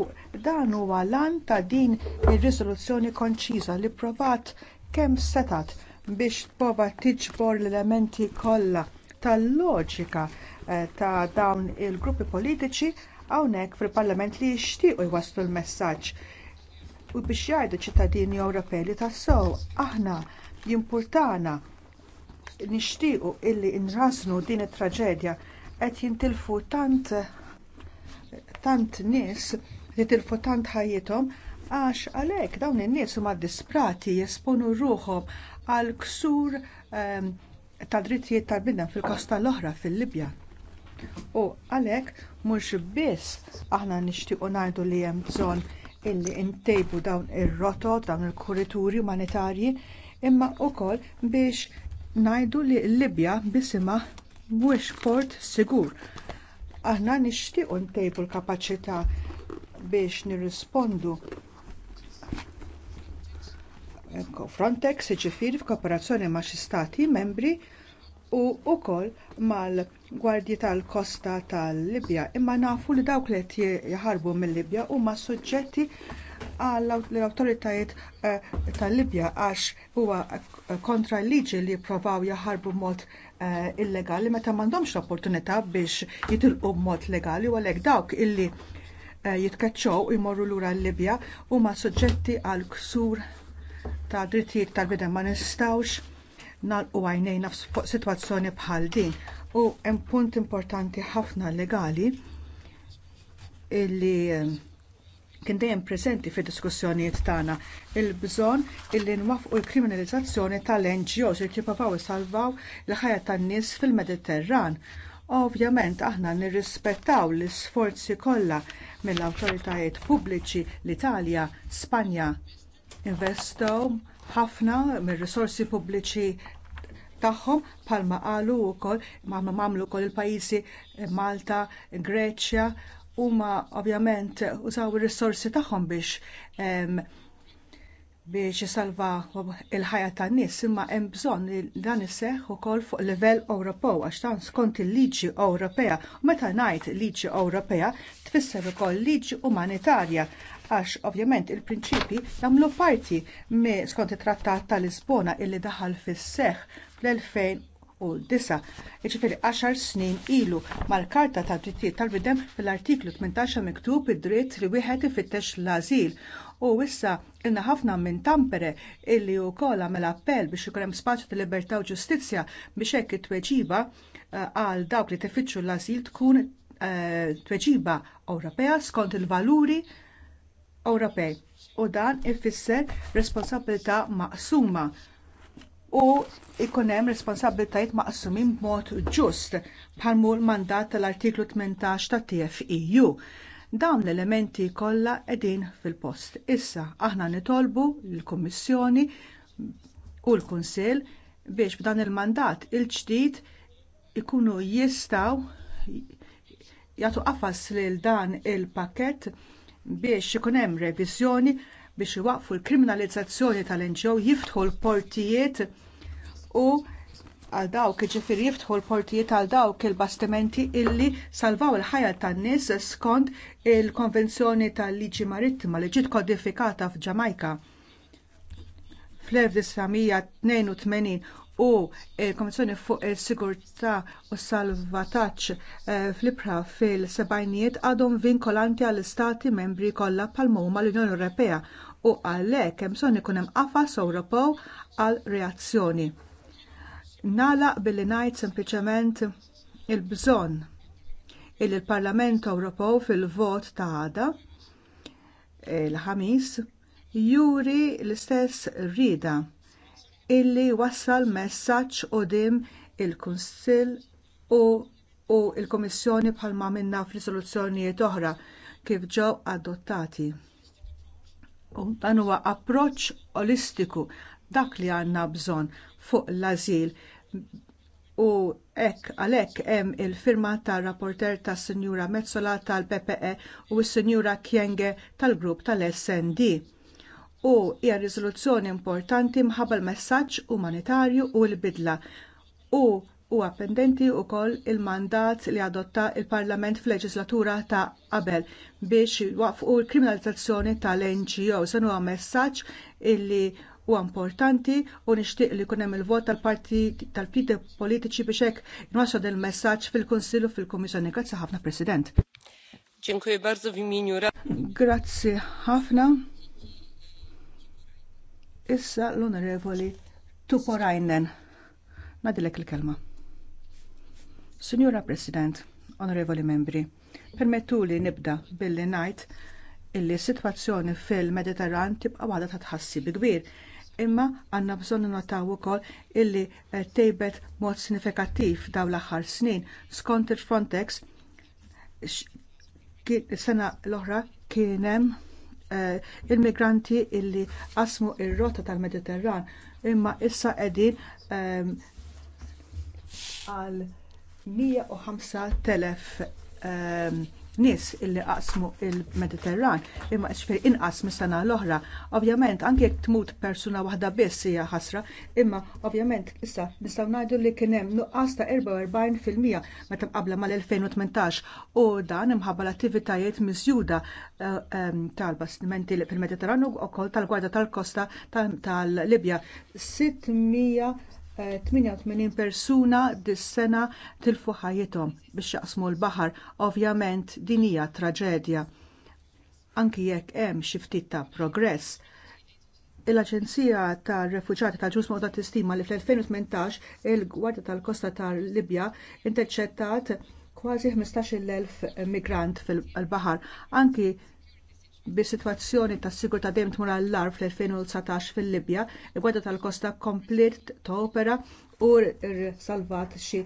dan huwa lan ta' din ir-riżoluzzjoni konċiża li provat kemm setat biex tprova tiġbor l-elementi kollha tal-loġika eh, ta' dawn il-gruppi politiċi hawnhekk fil-Parlament li jixtiequ jwasslu l-messaġġ u biex jgħidu ċittadini Ewropej li tassew aħna jimpurtana nixtiequ illi nrasnu din it-traġedja qed jintilfu tant tant nies li tilfu tant ħajjithom għax għalhekk dawn in-nies huma disprati jesponu ruħhom għal ksur um, ta' drittijiet tal-bidna fil-kosta l-oħra fil-Libja. U għalhekk mhux biss aħna nixtiequ ngħidu li hemm bżonn illi ntejbu dawn ir-rotot, dawn il-kurituri umanitarji, imma wkoll biex ngħidu li l-Libja bisimha mhuwiex port sigur. Aħna nixtiequ ntejbu l-kapaċità biex nirrispondu Frontex iġifieri f'kooperazzjoni ma' xi stati membri u wkoll mal-gwardji tal-kosta tal-Libja imma nafu li dawk li qed jaħarbu mill-Libja huma suġġetti għall awtoritajiet eh, tal-Libja għax huwa kontra l-liġi li jippruvaw jaħarbu mod eh, illegali meta m'għandhomx l-opportunità biex jitilqu b'mod legali u għalhekk dawk illi eh, jitkeċċew imorru lura l-Libja huma suġġetti għal ksur ta' drittijiet tal-bidem ma nistgħux nalqu għajnejna fuq sitwazzjoni bħal din. U hemm punt importanti ħafna legali illi ehm, kien dejjem preżenti fid-diskussjonijiet tagħna il-bżonn illi nwafqu l-kriminalizzazzjoni tal-NGOs li jippruvaw isalvaw il ħajja tan-nies fil-Mediterran. Ovvjament aħna nirrispettaw l-isforzi kollha mill-awtoritajiet pubbliċi l-Italja, Spanja, investow ħafna mir-risorsi pubbliċi tagħhom palma qalu wkoll ma mamlu wkoll il-pajjiżi Malta, Greċja huma ovvjament użaw ir-risorsi tagħhom biex biex jisalva il-ħajja tan-nies imma hemm bżonn li dan iseħħ ukoll fuq livell Ewropew għax dan skont il-liġi Ewropea. Meta ngħid liġi Ewropea tfisser ukoll liġi umanitarja għax ovvjament il-prinċipji jagħmlu parti me skont it-Trattat ta' Lisbona illi daħal fis-seħħ fl-2009. Iġifieri 10 snin ilu mal-Karta ta' Drittijiet tal-Bidem fil-artiklu 18 miktub id-dritt li wieħed ifittex l-ażil u issa ilna ħafna minn Tampere illi wkoll għamel appell biex ikun hemm spazju ta' libertà u ġustizzja biex hekk it-tweġiba eh, għal dawk li tifittxu l għażil tkun eh, tweġiba Ewropea skont il-valuri Ewropej u dan ifisser responsabilità maqsuma u ikun hemm responsabbiltajiet maqsumin b'mod ġust bħal l mandat tal-artiklu 18 tat TFEU. Dawn l-elementi kollha qegħdin fil-post. Issa aħna nitolbu l-Kummissjoni u l-Kunsill biex b'dan il-mandat il-ġdid ikunu jistgħu jagħtu qafas lil dan il-pakett biex ikun hemm reviżjoni biex iwaqfu l-kriminalizzazzjoni tal-NGO jiftħu l-portijiet u għal dawk ġifir jiftħu l-portijiet għal dawk il-bastimenti illi salvaw il-ħajja tan-nies skont il-Konvenzjoni tal-Liġi Marittima li ġiet kodifikata f'Ġamajka fl-1982 u il-Komissjoni fuq il-Sigurtà u Salvataġġ eh, fl-ibra fil-sebajniet għadhom vinkolanti għall-Istati membri kollha pal-muma l-Unjoni Ewropea u għalhekk hemm bżonn ikun hemm qafas Ewropew għall reazzjoni. Nagħlaq billi ngħid sempliċement il-bżonn il l-Parlament Ewropew fil-vot ta' għada il-ħamis eh, juri l-istess rida illi wassal messaġġ quddiem il-Kunsill u u l-Kummissjoni bħalma minna f'risoluzzjonijiet oħra kif ġew adottati. U dan huwa approċċ olistiku dak li għandna bżonn fuq l-ażil u hekk għalhekk hemm il-firma tar-rapporter tas-Sinjura Mezzola tal-PPE u s-Sinjura Kienge tal-Grupp tal-SND u hija riżoluzzjoni importanti mħabba l-messaġġ umanitarju u l-bidla u huwa pendenti wkoll il-mandat li adotta l parlament fil-leġislatura ta' qabel biex waqfu l-kriminalizzazzjoni tal-NGO. Se huwa messaġġ illi huwa importanti u nixtieq li jkun hemm il-vot tal-partit tal-partit politiċi biex hekk inwassal il-messaġġ fil-Kunsill u fil-Kummissjoni. Grazzi ħafna President. Dziękuję bardzo w imieniu Grazzi ħafna. Issa l-Onorevoli Tuporajnen. Nadilek il-kelma. Signora President, Onorevoli Membri, permettuli nibda billi najt illi situazzjoni fil-Mediterran tibqa' waħda ta' bi kbir imma għandna bżonn notaw ukoll illi eh, tejbet mod sinifikattiv dawn l-aħħar snin skont il-Frontex sena l-oħra kien hemm Eh, il-migranti illi qasmu r rotta tal-Mediterran imma issa qegħdin ehm, għal um, ehm, 105,000 nies illi qasmu il-Mediterran imma xfir inqas mis-sena l-oħra. Ovvjament anke jekk tmut persuna waħda biss hija ħasra, imma ovvjament issa nistgħu ngħidu li kien hemm nuqqas ta' 44% meta mqabbla mal-2018 u dan imħabba l-attivitajiet miżjuda eh, ehm, tal-bastimenti fil-Mediterran u wkoll tal-Gwarda tal-Kosta tal-Libja Eh, 88 persuna dis-sena tilfu ħajjithom biex jaqsmu l-baħar. Ovvjament din hija traġedja. Anki jekk hemm xi ftit ta' progress. Il-Aġenzija tar Refuġjati tal-Ġus Mawda tistima li fl-2018 il-Gwardja tal-Kosta tal-Libja interċettat kważi 15,000 migrant fil-baħar. Anki bis-sitwazzjoni tas sigurtà dejjem tmur għall lar fl-2019 fil-Libja, il tal-kosta komplet ta' opera u salvat xi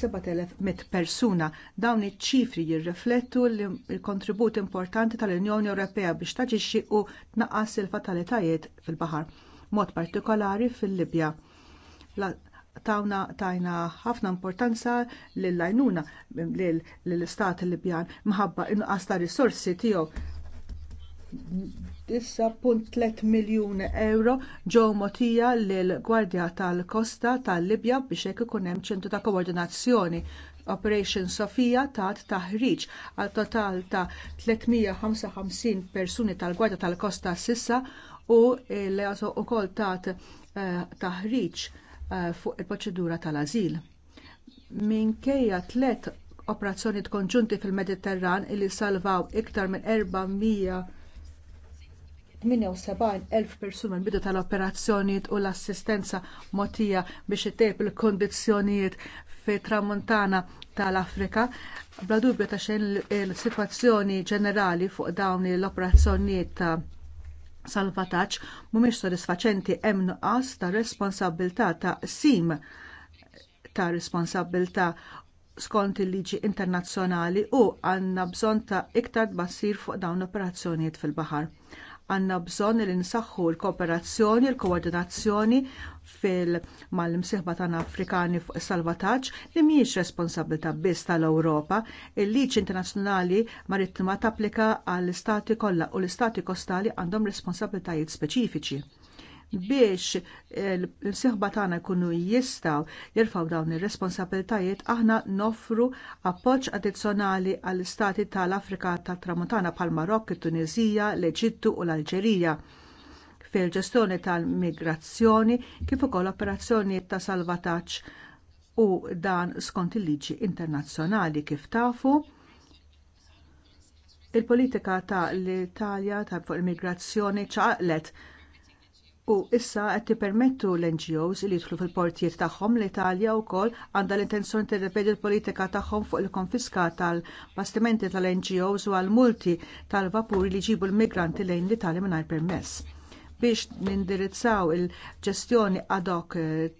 7000 eh, persuna. Dawn iċ-ċifri jirriflettu l-kontribut importanti tal-Unjoni Ewropea biex taġixxi u tnaqqas il-fatalitajiet fil-baħar, mod partikolari fil-Libja tawna tajna ħafna importanza lill-għajnuna lill-istat Libjan minħabba inqas ta' risorsi tiegħu 9.3 miljun euro ġew mogħtija lill Gwardja tal-Kosta tal-Libja biex hekk ikun hemm ċentru ta' koordinazzjoni Operation Sofia tat taħriġ għal total ta' 355 persuni tal-Gwardja tal-Kosta sissa u l-EASO ukoll tat eh, taħriġ eh, fuq il-proċedura tal-azil. Minkejja tliet operazzjoni konġunti fil-Mediterran li salvaw iktar minn 400 78,000 persuna bidu tal-operazzjonijiet u l-assistenza mogħtija biex itejb il kundizzjonijiet fit tramuntana tal-Afrika. Bla dubju ta' xejn il-sitwazzjoni ġenerali fuq dawn l-operazzjonijiet ta' salvataġġ mhumiex sodisfaċenti hemm nuqqas ta' responsabilità ta' sim ta' responsabilità skont il-liġi internazzjonali u għandna bżonn ta' iktar tbassir fuq dawn l operazzjonijiet fil-baħar għandna bżonn li nsaħħu l-kooperazzjoni, l-koordinazzjoni fil mal-imsieħba tan Afrikani fuq is salvataġġ li mhijiex responsabilità biss tal-Ewropa. Il-liġi internazzjonali marittima tapplika għall istati kollha u l-istati kostali għandhom responsabbiltajiet speċifiċi biex eh, l-sihba tagħna jkunu jistgħu jirfgħu dawn ir-responsabiltajiet aħna noffru appoġġ addizzjonali għall istati tal-Afrika tat-Tramuntana bħall Marokk, it tunisija l-Eġittu u l-Alġerija fil-ġestjoni tal-migrazzjoni kif ukoll operazzjonijiet ta' salvataġġ u dan skont il-liġi internazzjonali kif tafu il-politika ta' l-Italja ta' immigrazzjoni ċaqlet U issa qed tippermettu l-NGOs li jidħlu fil-portijiet tagħhom l-Italja wkoll għandha l-intenzjoni tirrepedi l-politika tagħhom fuq il-konfiska tal-bastimenti tal-NGOs u għall-multi tal-vapuri li jġibu l-migranti lejn l-Italja mingħajr permess. Biex nindirizzaw il-ġestjoni ad hoc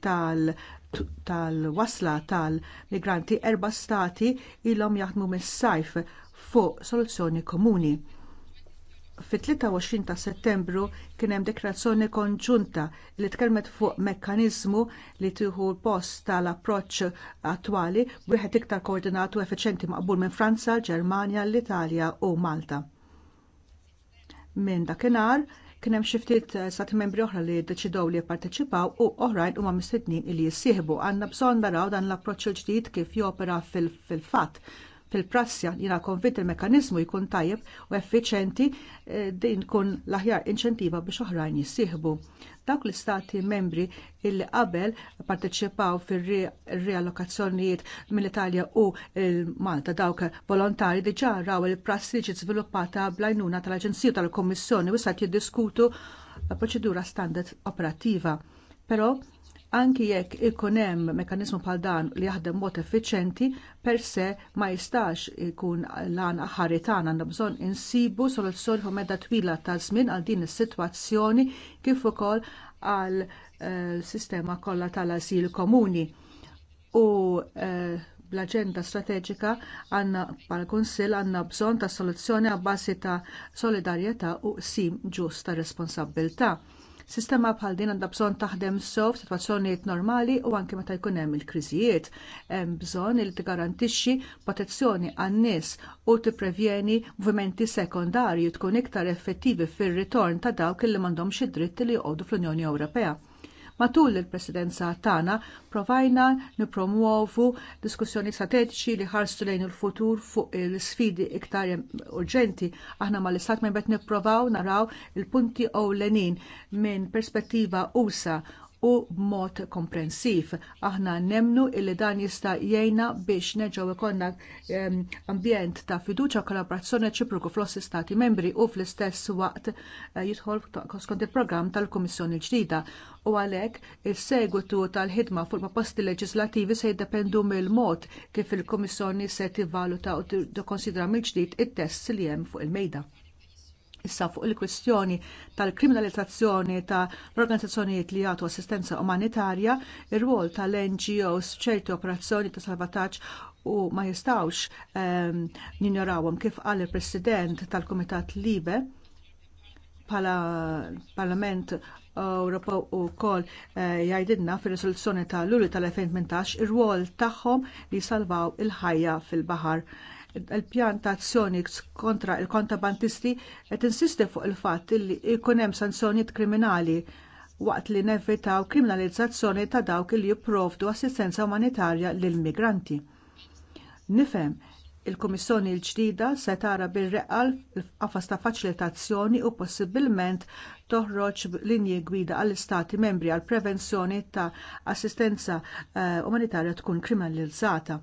tal- tal-wasla tal-migranti erba' stati ilhom jaħdmu mis-sajf fuq soluzzjoni komuni fit-23 ta' Settembru kien hemm deklarazzjoni konġunta li tkellmet fuq mekkaniżmu li tieħu l-post tal-approċċ attwali wieħed iktar koordinat u effiċjenti maqbul minn Franza, Ġermanja, l-Italja u Malta. Minn dakinhar kien hemm xi ftit eh, stati membri oħra li ddeċidew li jipparteċipaw u oħrajn huma mistednin li jissieħbu. Għandna bżonn naraw dan l-approċċ il-ġdid kif jopera fil-fatt fil fil-prassja jiena konvint il-mekanizmu jkun tajjeb u effiċenti eh, din kun l-aħjar inċentiva biex oħrajn jissieħbu. Dawk l-istati membri illi qabel parteċipaw fir-reallokazzjonijiet mill-Italja u Malta dawk volontari diġà raw il-prassi ġiet żviluppata bl-għajnuna tal-Aġenzija tal-Kummissjoni u sa jiddiskutu proċedura standard operattiva. Però anki jekk ikun hemm mekanizmu bħal dan li jaħdem mod effiċjenti per se ma jistax ikun lan aħari tagħna għandna bżonn insibu soluzzjoni fuq medda twila ta' żmien għal din is-sitwazzjoni kif ukoll għal eh, sistema kollha tal-asil komuni. U eh, bl-aġenda strateġika għandna bħala kunsill għandna bżonn ta' soluzzjoni għabbażi ta' solidarjetà u sim ġust ta' responsabbiltà. Sistema bħal din għandha bżonn taħdem sew f'sitwazzjonijiet normali u anke meta jkun hemm il-kriżijiet. Hemm bżonn li tigarantixxi protezzjoni għan-nies u tipprevjeni movimenti sekondarji tkun iktar effettivi fir-ritorn ta' dawk li m'għandhomx id-dritt li jqogħdu fl-Unjoni Ewropea Matul il-presidenza tagħna provajna nipromuovu diskussjoni strateġiċi li ħarsu lejn il-futur fuq il isfidi iktar urġenti. Aħna mal-istat ma jbet nipprovaw naraw il-punti ewlenin minn perspettiva usa u b'mod komprensiv. Aħna nemnu illi dan jista' jgħinna biex neġgħu ikollna ehm, ambjent ta' fiduċja kollaborazzjoni ċipruku fl-ossi stati membri u fl-istess waqt eh, jidħol skont il-programm tal-Kummissjoni l-ġdida. U għalhekk is-segwitu tal-ħidma fuq proposti leġislattivi se jiddependu mill-mod kif il-Kummissjoni se tivvaluta u tikkonsidra mill-ġdid it-test li hemm fuq il-mejda. Issa fuq il-kwistjoni tal-kriminalizzazzjoni ta' l-organizzazzjonijiet li jagħtu assistenza umanitarja, ir-rwol tal-NGOs ċerti operazzjoni ta' salvataġġ u ma jistawx um, ehm, ninjorawhom kif qal il-President tal-Kumitat Libe bħala Parlament Ewropew ukoll eh, jgħidilna fir-risoluzzjoni tal-Lulju tal-2018 ir-rwol tagħhom li jsalvaw il-ħajja fil-baħar il-pjan ta' azzjoni kontra l kontrabandisti qed insisti fuq il-fatt li jkun hemm sanzjonijiet kriminali waqt li nevitaw kriminalizzazzjoni ta' dawk li jipprovdu assistenza umanitarja lill migranti. Nifhem il-Kummissjoni l-ġdida se tara bir-reqqal qafas ta' faċilitazzjoni u possibilment toħroġ linji gwida għall-Istati membri għall prevenzjoni ta' assistenza eh, umanitarja tkun kriminalizzata.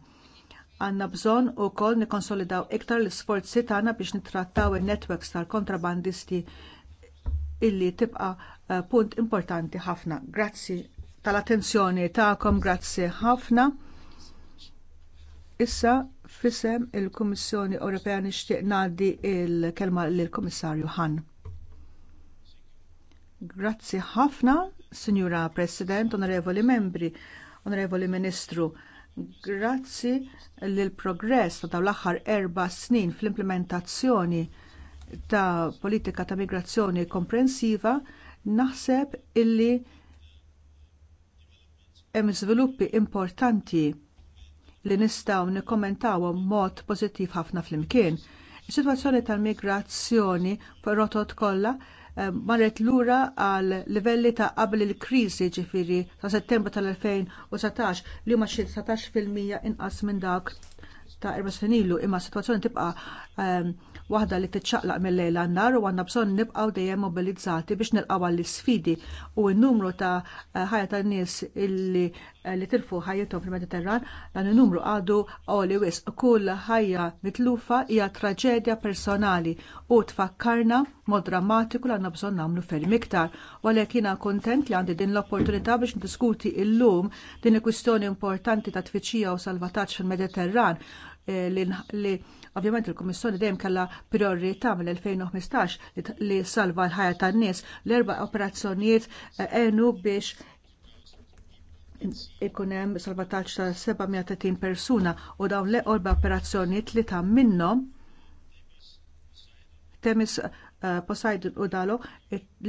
Għandna bżonn ukoll nikkonsolidaw iktar l-isforzi tagħna biex nittrattaw in networks tal-kontrabandisti illi tibqa eh, punt importanti ħafna. Grazzi tal-attenzjoni tagħkom, grazzi ħafna. Issa fisem il-Kummissjoni Ewropea nixtieq ngħaddi l kelma lill-Kummissarju Han. Grazzi ħafna, Sinjura President, Onorevoli Membri, Onorevoli Ministru. Grazzi lill progress ta' dawn l-aħħar erba' snin fl-implementazzjoni ta' politika ta' migrazzjoni komprensiva, naħseb illi hemm żviluppi importanti li nistgħu nikkommentaw b'mod pożittiv ħafna flimkien. Is-sitwazzjoni tal-migrazzjoni fir-rotot kollha Eh, marret lura għal livelli ta' qabel il-kriżi ġifiri ta' settembru tal-2019 li huma xi 19% inqas minn dak ta' erba' snin ilu imma s-sitwazzjoni tibqa' eh, waħda li titxaqlaq mill-lejla nar u għandna bżonn nibqgħu dejjem mobilizzati biex nilqgħu għall-isfidi u n-numru ta' ħajja tan-nies illi eh, li tilfu ħajjithom fil-Mediterran dan in-numru għadu għoli wis kull ħajja mitlufa hija traġedja personali u tfakkarna mod drammatiku li għandna bżonn nagħmlu ferm iktar għalhekk jiena kuntent li għandi din l-opportunità biex ndiskuti llum din il-kwistjoni importanti ta' tfittxija u salvataġġ fil-Mediterran Eh, li ovvjament il-Kummissjoni dejjem kellha priorità mill-2015 li salva l-ħajja tan-nies l-erba' operazzjonijiet eh, għenu biex ikun hemm salvataġġ ta' 730 persuna u dawn l-erba' operazzjonijiet li ta' minnhom Temis Eh, Poseidon u Dalo,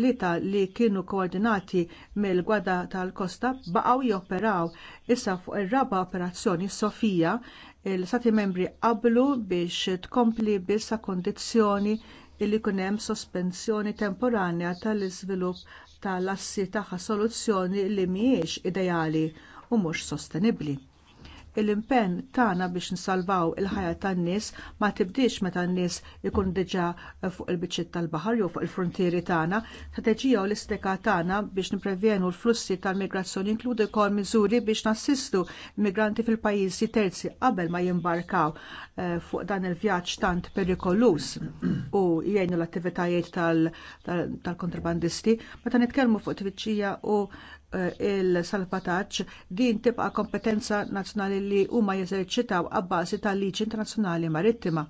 lita li kienu koordinati mill-gwada tal-kosta baqgħu joperaw issa fuq ir-raba operazzjoni Sofija il sati membri qablu biex tkompli biss sa kondizzjoni li jkun hemm sospensjoni temporanja tal-iżvilupp tal-assi tagħha soluzzjoni li mhijiex ideali u mhux sostenibbli l-impenn tagħna biex nsalvaw il-ħajja tan-nies ma tibdilx meta n-nies ikun diġà fuq il-biċċiet tal-baħar jew fuq il-frontieri tagħna, strateġija u l-isteka tagħna biex nipprevenu l-flussi tal-migrazzjoni inkludu wkoll miżuri biex nassistu migranti fil-pajjiżi terzi qabel ma jimbarkaw eh, fuq dan il-vjaġġ tant perikoluż u jgħinu l-attivitajiet tal-kontrabandisti. Meta nitkellmu fuq tfittxija u Eh, il-salvataġġ din tibqa' kompetenza nazzjonali li huma jeżerċitaw abbażi tal-liġi internazzjonali marittima.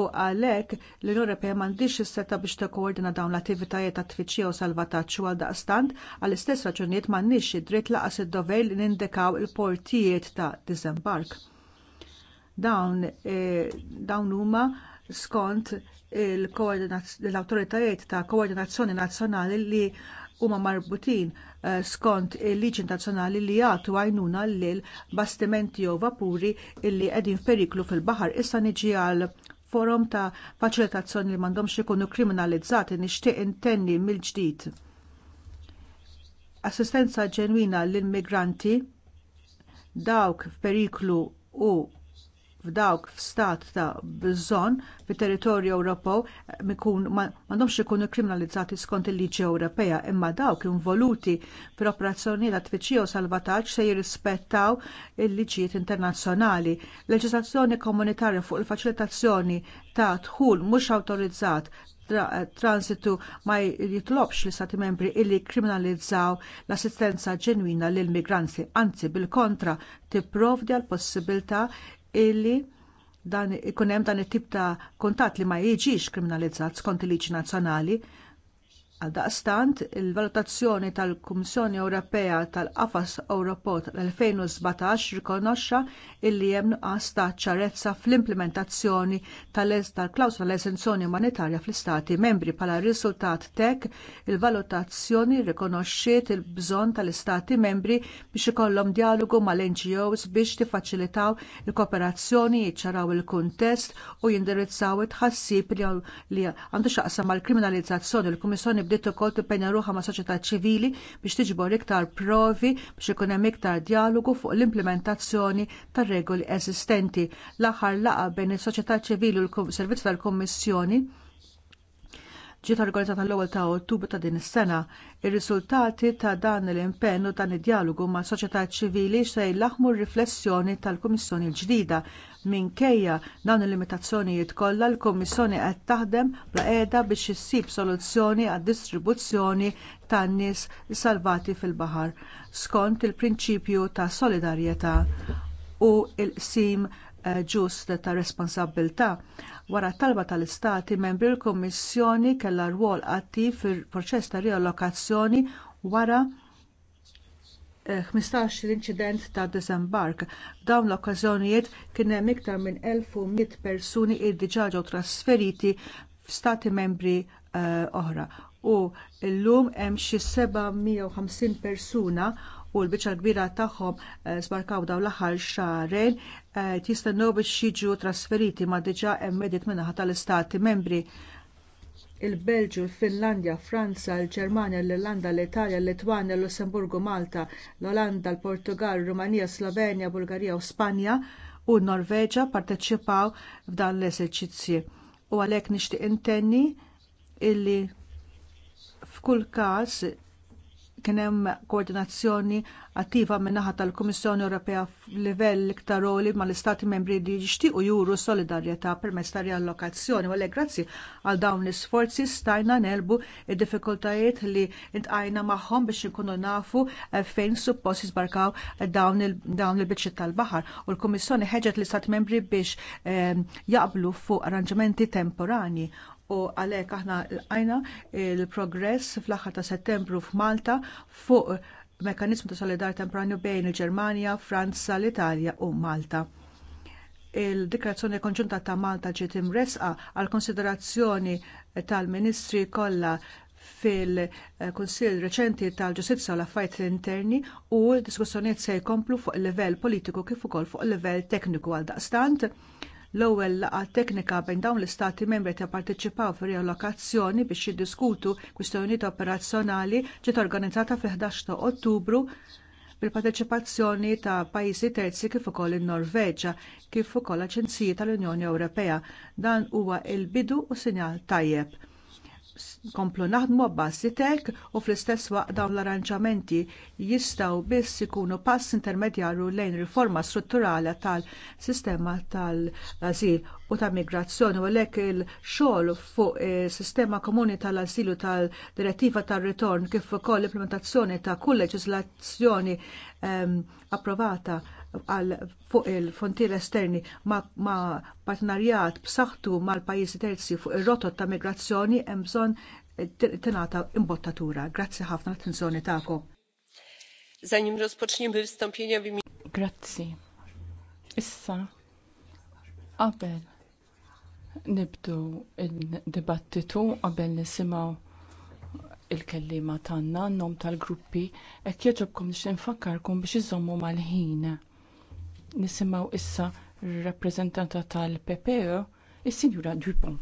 U għalhekk l-Unjoni Ewropea m'għandix is-seta biex tikkoordina dawn l-attivitajiet ta' tfittxija u salvataġġ għal daqstant għall-istess raġunijiet m'għandniex id-dritt laqas id-dover li nindikaw il-portijiet ta' disembark. Dawn eh, dawn huma skont l-awtoritajiet ta' koordinazzjoni nazzjonali li huma marbutin Eh, skont il-liġi internazzjonali li jagħtu għajnuna lil bastimenti jew vapuri illi qegħdin f'periklu fil-baħar issa niġi għal forum ta' faċilitazzjoni li m'għandhomx ikunu kriminalizzati nixtieq intenni mill-ġdid. Assistenza ġenwina lill migranti dawk f'periklu u f'dawk f'stat ta' bżonn fit-territorju Ewropew eh, mikun m'għandhomx ikunu kriminalizzati skont il-liġi Ewropea imma dawk involuti f'operazzjoni ta' tfittxija u salvataġġ se jirrispettaw il-liġijiet internazzjonali. Leġiżlazzjoni komunitarja fuq il-faċilitazzjoni ta' dħul mhux awtorizzat eh, transitu ma jitlobx li stati membri illi kriminalizzaw l-assistenza ġenwina lill migranti anzi bil-kontra tipprovdi l possibilità illi dan ikun hemm dan it-tip ta' kuntatt li ma jiġix kriminalizzat skont il-liġi nazzjonali Għaldaqstant, il-valutazzjoni tal-Kummissjoni Ewropea tal-Qafas Ewropew tal-2017 rikonoxxa li hemm nuqqas ta' ċarezza fl-implementazzjoni tal-klawsola tal-esenzjoni umanitarja fl-Istati membri bħala riżultat tek il-valutazzjoni rikonoxxiet il-bżonn tal-Istati membri biex ikollhom dijalogu mal-NGOs biex tiffaċilitaw il-kooperazzjoni, jiċċaraw il-kuntest u jindirizzaw it-ħassib li għandu xaqsam mal-kriminalizzazzjoni l-Kummissjoni bdiet ukoll tippenja ruħha ma' soċjetà ċivili biex tiġbor iktar provi biex ikun hemm iktar dialogu fuq l-implementazzjoni tar-regoli eżistenti. L-aħħar laqgħa bejn is-soċjetà ċivili u l-servizz tal-Kummissjoni ġiet organizzata l-ewwel ta' Ottubru ta' din is-sena. Ir-riżultati ta' dan l-impenn u dan id-dialogu mas soċjetà ċivili se jlaħmu r-riflessjoni tal-Kummissjoni l-ġdida Minkejja dawn il-limitazzjonijiet kollha l-Kummissjoni qed taħdem bla qiegħda biex issib soluzzjoni għad-distribuzzjoni tan-nies salvati fil-baħar skont il-prinċipju ta' solidarjetà u l-qsim eh, ġust ta' responsabbiltà. Wara t talba tal-Istati membri l-Kummissjoni kellha rwol attiv fil-proċess ta' riallokazzjoni wara 15 l-inċident ta' disembark. Dawn l-okkażjonijiet kien hemm iktar minn 1100 persuni li diġà ġew trasferiti f'stati membri oħra. U llum hemm xi 750 persuna u l-biċċa kbira tagħhom sbarkaw dawn l-aħħar xahrejn tistennew biex jiġu trasferiti ma diġà hemm medit minnaħa tal-istati membri il-Belġju, il-Finlandja, Franza, il-Ġermanja, l-Irlanda, l-Italja, l-Litwanja, l-Lussemburgu, Malta, l-Olanda, l-Portugal, Rumanija, Slovenja, Bulgarija u Spanja u n Norveġa parteċipaw f'dan l-eżerċizzji. U għalhekk nixtieq intenni illi f'kull każ kien hemm koordinazzjoni attiva min-naħa tal-Kummissjoni Ewropea f'livell iktar oli mal-Istati Membri li jixtiequ juru solidarjetà permezz ta' riallokazzjoni. Għalhekk grazzi għal dawn l-isforzi stajna nelbu id-diffikultajiet li ntqajna magħhom biex inkunu nafu fejn suppost jisbarkaw dawn il-biċċiet tal-baħar. U l-Kummissjoni ħeġet l-Istati Membri biex eh, jaqblu fuq arranġamenti temporani u għalhekk aħna lqajna l progress fl-aħħar ta' Settembru f'Malta fuq mekanizmu ta' solidar temporanju bejn il-Ġermanja, Franza, l-Italja u Malta. Il-dikrazzjoni konġunta ta' Malta ġiet imresqa għal konsiderazzjoni tal-Ministri kollha fil-Kunsill reċenti tal-Ġustizzja u l-Affarijiet Interni u diskussjonijiet se jkomplu fuq il livell politiku kif ukoll fuq il livell tekniku għal daqstant l-ewwel laqgħa teknika bejn dawn l-istati membri ta' parteċipaw fir riallokazzjoni biex jiddiskutu kwistjonijiet operazzjonali ġiet organizzata fil-11 ta' Ottubru bil-parteċipazzjoni ta' pajjiżi terzi kif ukoll in-Norveġġa kif ukoll aġenziji tal-Unjoni Ewropea. Dan huwa l bidu u sinjal tajjeb komplu naħdmu b'bassitek u fl-istess waqt dawn l-arranġamenti jistgħu biss ikunu pass intermedjarju lejn riforma strutturali tal-sistema tal-azil u ta' migrazzjoni u lek il-xogħol fuq sistema komuni tal-azilu tal-direttiva tar-ritorn kif ukoll l-implementazzjoni ta' kull leġiżlazzjoni approvata għal fuq il-fontier esterni ma, ma partnerjat b'saħħtu mal-pajjiżi terzi fuq ir-rotot ta' migrazzjoni hemm bżonn tingħata imbottatura. Grazzi ħafna l-attenzjoni tagħkom. Zanim rozpoczniemy wystąpienia w imieniu... Grazzi. Issa, qabel nibdu il-debattitu, qabel nisimgħu il-kellima tagħna n-nom tal-gruppi hekk jogħġobkom nix nfakkarkom biex iżommu mal-ħin. Nisimaw issa r-rappreżentanta tal ppo e, is-Sinjura Dupont.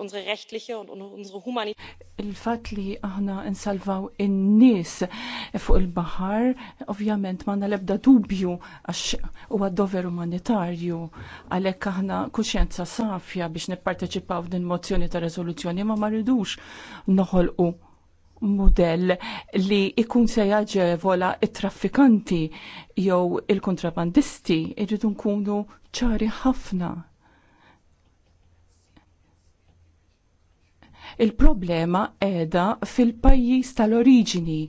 unsere rechtliche und unsere humanitäre. Il-fat li aħna insalvaw in-nies fuq il-bahar, ovvjament ma lebda dubju għax huwa dover umanitarju għalhekk aħna kuxjenza safja biex nipparteċipaw din mozzjoni ta' rezoluzzjoni ma ma noħolqu modell li ikun se jaġevola it-traffikanti jew il-kontrabandisti irridu nkunu ċari ħafna. Il-problema edha fil-pajjiż tal-oriġini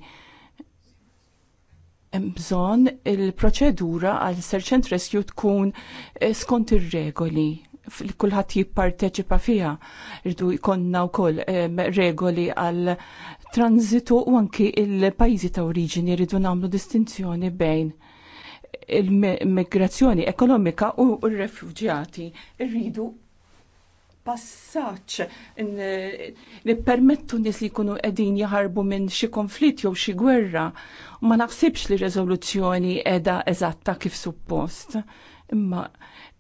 bżon il-proċedura għal search and rescue tkun eh, skont ir-regoli li kulħadd jipparteċipa fiha. Irdu jkollna wkoll eh, regoli għal transitu u anki il-pajjiżi ta' oriġini rridu nagħmlu distinzjoni bejn il-migrazzjoni ekonomika u r-refuġjati rridu passaċ li permettu nis li kunu edin jaharbu minn xi konflitt jew xi gwerra ma naħsibx li rezoluzzjoni edha eżatta kif suppost. Imma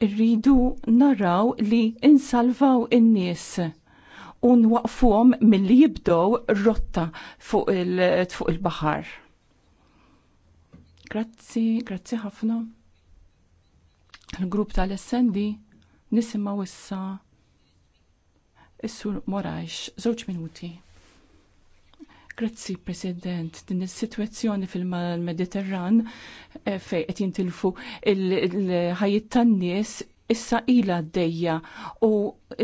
rridu naraw li insalvaw in-nies u nwaqfuhom milli jibdow rotta fuq il-baħar. Il grazzi, grazzi ħafna. Il-grupp tal-SND nisimma wissa Is-sur Morax, żewġ minuti. Grazzi, President. Din is-sitwazzjoni fil-Mediterran eh, fejn qed jintilfu il ħajjiet tan-nies issa ila d-dejja u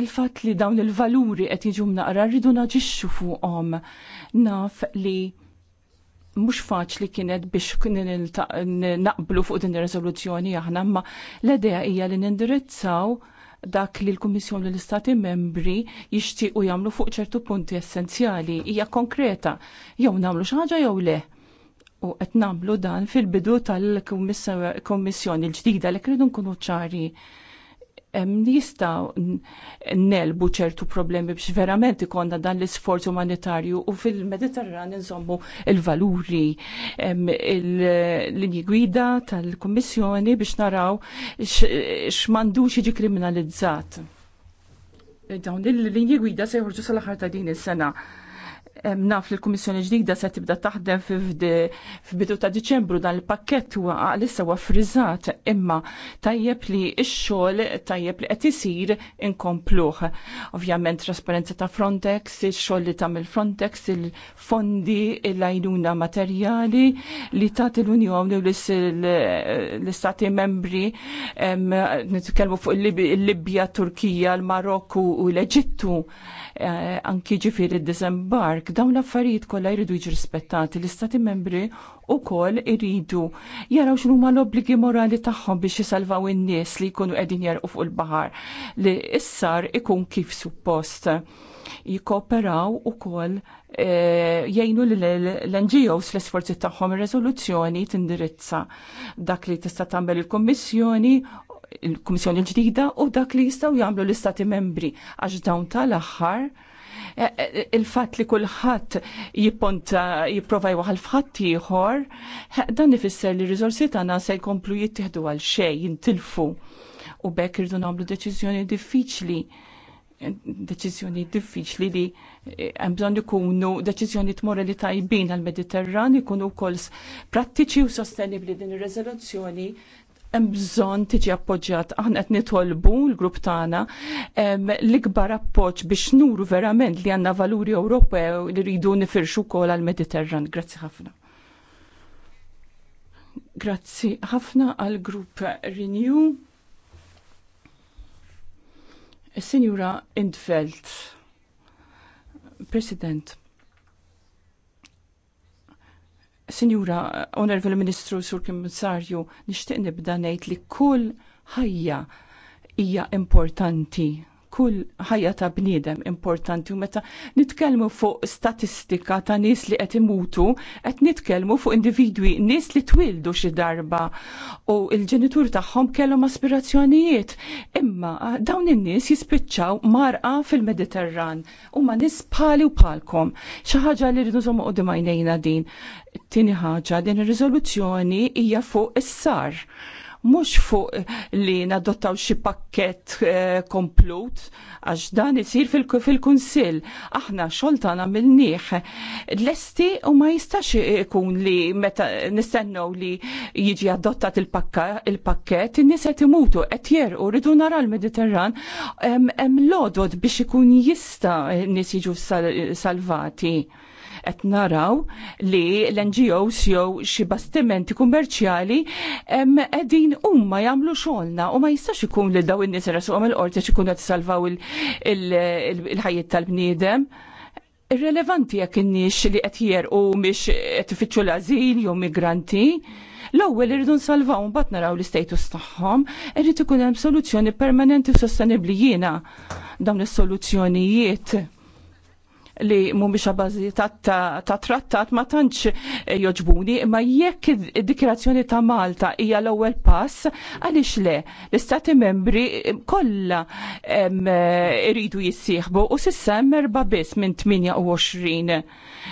il-fat li dawn il-valuri qed jiġu naqra rridu naġixxu fuqhom. Naf li mhux faċli kienet biex naqblu fuq din ir-riżoluzzjoni aħna, imma l-idea hija li nindirizzaw dak li l-Kummissjoni l-Istati membri jixtiequ jagħmlu fuq ċertu punti essenzjali hija konkreta jew nagħmlu xi ħaġa jew le u qed nagħmlu dan fil-bidu tal-Kummissjoni l-ġdida li kridu nkunu ċari Nista nelbu ċertu problemi biex verament ikonna dan l-isforz umanitarju u fil-Mediterran nżommu il-valuri l-linji gwida tal-Kummissjoni biex naraw x'mandux jiġi kriminalizzat dawn il-linji gwida se sal-aħħar ta' din is-sena naf li l-Kummissjoni ġdida se tibda taħdem f'bidu ta' Diċembru dan il-pakkett huwa għalissa huwa frizzat imma tajjeb li x-xogħol tajjeb li qed isir inkompluh. Ovvjament trasparenza ta' Frontex, ix-xogħol li tagħmel Frontex, il-fondi, l-għajnuna materjali li tagħti l-Unjoni u l-Istati membri nitkellmu fuq il-Libja, Turkija, l-Marokku u l-Eġittu eh, anki ġifieri d-Disembark F'dawn l-affarijiet kollha jridu jiġi rispettati l-istati membri wkoll iridu jaraw x'huma l-obbligi morali tagħhom biex jisalvaw in-nies li jkunu qegħdin jarqu fuq il-baħar li issar ikun kif suppost jikoperaw ukoll eh, jgħinu l-NGOs l-esforzi tagħhom ir tindirizza dak li tista' tagħmel il-Kummissjoni il-Kummissjoni l-ġdida u dak li jistgħu jagħmlu l-Istati membri għax dawn tal-aħħar Eh, eh, il-fatt li kulħadd jipponta jipprova jwaħal f'ħadd ieħor, eh, dan ifisser li r-riżorsi tagħna se jkomplu jittieħdu għal xejn jintilfu. U bekk irdu nagħmlu deċiżjoni diffiċli deċizjoni diffiċli li hemm bżonn ikunu deċiżjoni li tajbin għal mediterran ikunu wkoll prattiċi u sostenibbli din ir-reżoluzzjoni hemm bżonn tiġi appoġġjat aħna qed nitolbu l-grupp tagħna l-ikbar appoġġ biex nuru verament li għandna valuri Ewropew li rridu nifirxu wkoll għall-Mediterran. Grazzi ħafna. Grazzi ħafna għall grupp Renew. Signora Indfeld, President, Sinjura, Onorevole Ministru, Sur Sarju, nixtieq nibda ngħid li kull ħajja hija importanti kull ħajja ta' bniedem importanti u meta nitkellmu fuq statistika ta' nies li qed imutu, qed nitkellmu fuq individwi nies li twildu xi darba u l-ġenitur tagħhom kellhom aspirazzjonijiet. Imma ah, dawn in-nies jispiċċaw marqa fil-Mediterran huma nies pali u palkom. Xi ħaġa li rridu nżommu qudiem din. Tieni ħaġa din ir-riżoluzzjoni hija fuq is-sar mhux fuq li nadottaw xi pakkett eh, komplut għax dan isir fil-kunsill. Aħna xoltan għamilnieh. Lesti u ma jistax ikun li meta nistennew li jiġi adottat il-pakkett, in-nies qed imutu qed jerqu rridu nara l-Mediterran hemm lodod biex ikun jista' nies jiġu salvati qed naraw li l-NGOs jew xi bastimenti kummerċjali qegħdin huma jagħmlu xogħolna u ma jistax ikun li daw in-nies irasuhom il-qorti x ikunu salvaw il-ħajjiet tal-bniedem. Irrelevanti jekk in li qed jerqu mhix qed ifittxu l-ażil jew migranti l-ewwel irridu nsalvaw mbagħad naraw l-istatus tagħhom, irrid ikun hemm soluzzjoni permanenti u sostenibbli jiena dawn is-soluzzjonijiet li mhumiex bażi ta' trattat ma tantx eh, joġbuni, imma jekk id-dikirazzjoni ta' Malta hija l-ewwel pass, għaliex le l-istati membri eh, kollha eh, iridu jissieħbu u sissa hemm erba' biss minn 28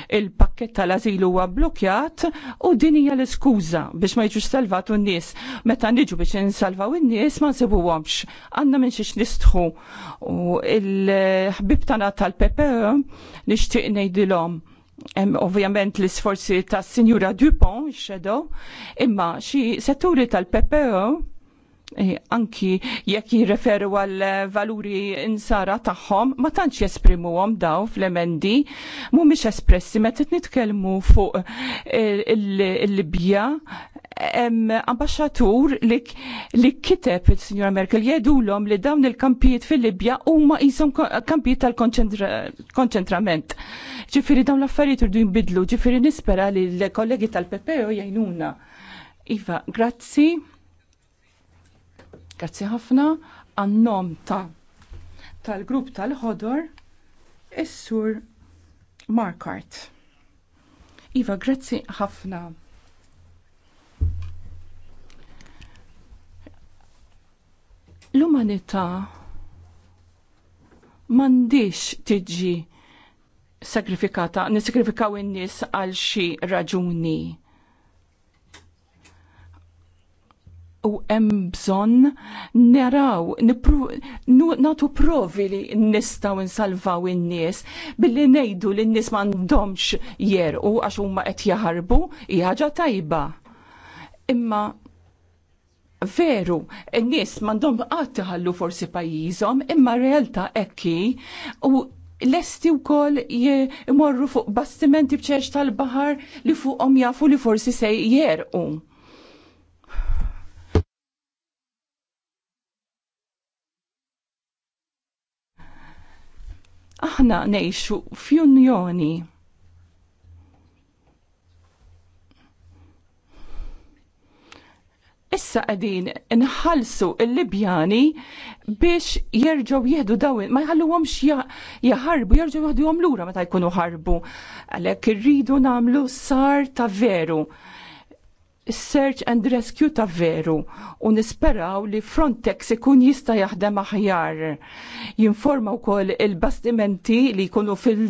il-pakket tal-azilu huwa blokjat u din hija l-iskuża biex ma jiġux salvatu n-nies. Meta niġu biex insalvaw in-nies ma nsibuhomx. Għandna minn xiex nistħu. U il-ħbib tagħna tal-Pepe nixtieq ngħidilhom ovvjament l-isforzi tas Sinjura Dupont, xedo imma xi setturi tal-PPO Eh, anki jekk jirreferu għal valuri insara tagħhom ma tantx jesprimuhom daw fl-emendi mhumiex espressi meta nitkellmu fuq il-Libja hemm ambasċatur li kiteb il-Sinjora Merkel jgħidulhom li dawn il-kampijiet fil-Libja huma qishom kampijiet tal-konċentrament. Ġifieri dawn l-affarijiet irdu jinbidlu, ġifieri nispera li l-kollegi tal-PPO e jgħinuna. Iva, grazzi. Grazzi ħafna għannom ta' tal-grupp tal-ħodor is-sur Markart. Iva, grazzi ħafna. L-umanità mandiċ tiġi sagrifikata, nisakrifikaw in-nies għal xi raġuni u hemm bżonn naraw, natu provi li nistgħu nsalvaw in-nies billi ngħidu li n-nies m'għandhomx jerqu għax huma qed jaħarbu hija ħaġa tajba. Imma veru, n-nies m'għandhom qatt iħallu forsi pajjiżhom, imma realtà hekk u lesti u kol fuq bastimenti bċeċ tal-bahar li fuqom jafu li forsi se jerqu aħna nejxu f'unjoni. Issa qegħdin inħallsu l-Libjani biex jerġgħu jieħdu dawin, ma jħalluhomx jaħarbu, jerġgħu jaħduhom lura meta jkunu ħarbu. Għalhekk irridu nagħmlu sar ta' veru search and rescue ta' veru u nisperaw li Frontex ikun jista' jaħdem aħjar. Jinforma wkoll il-bastimenti li jkunu fil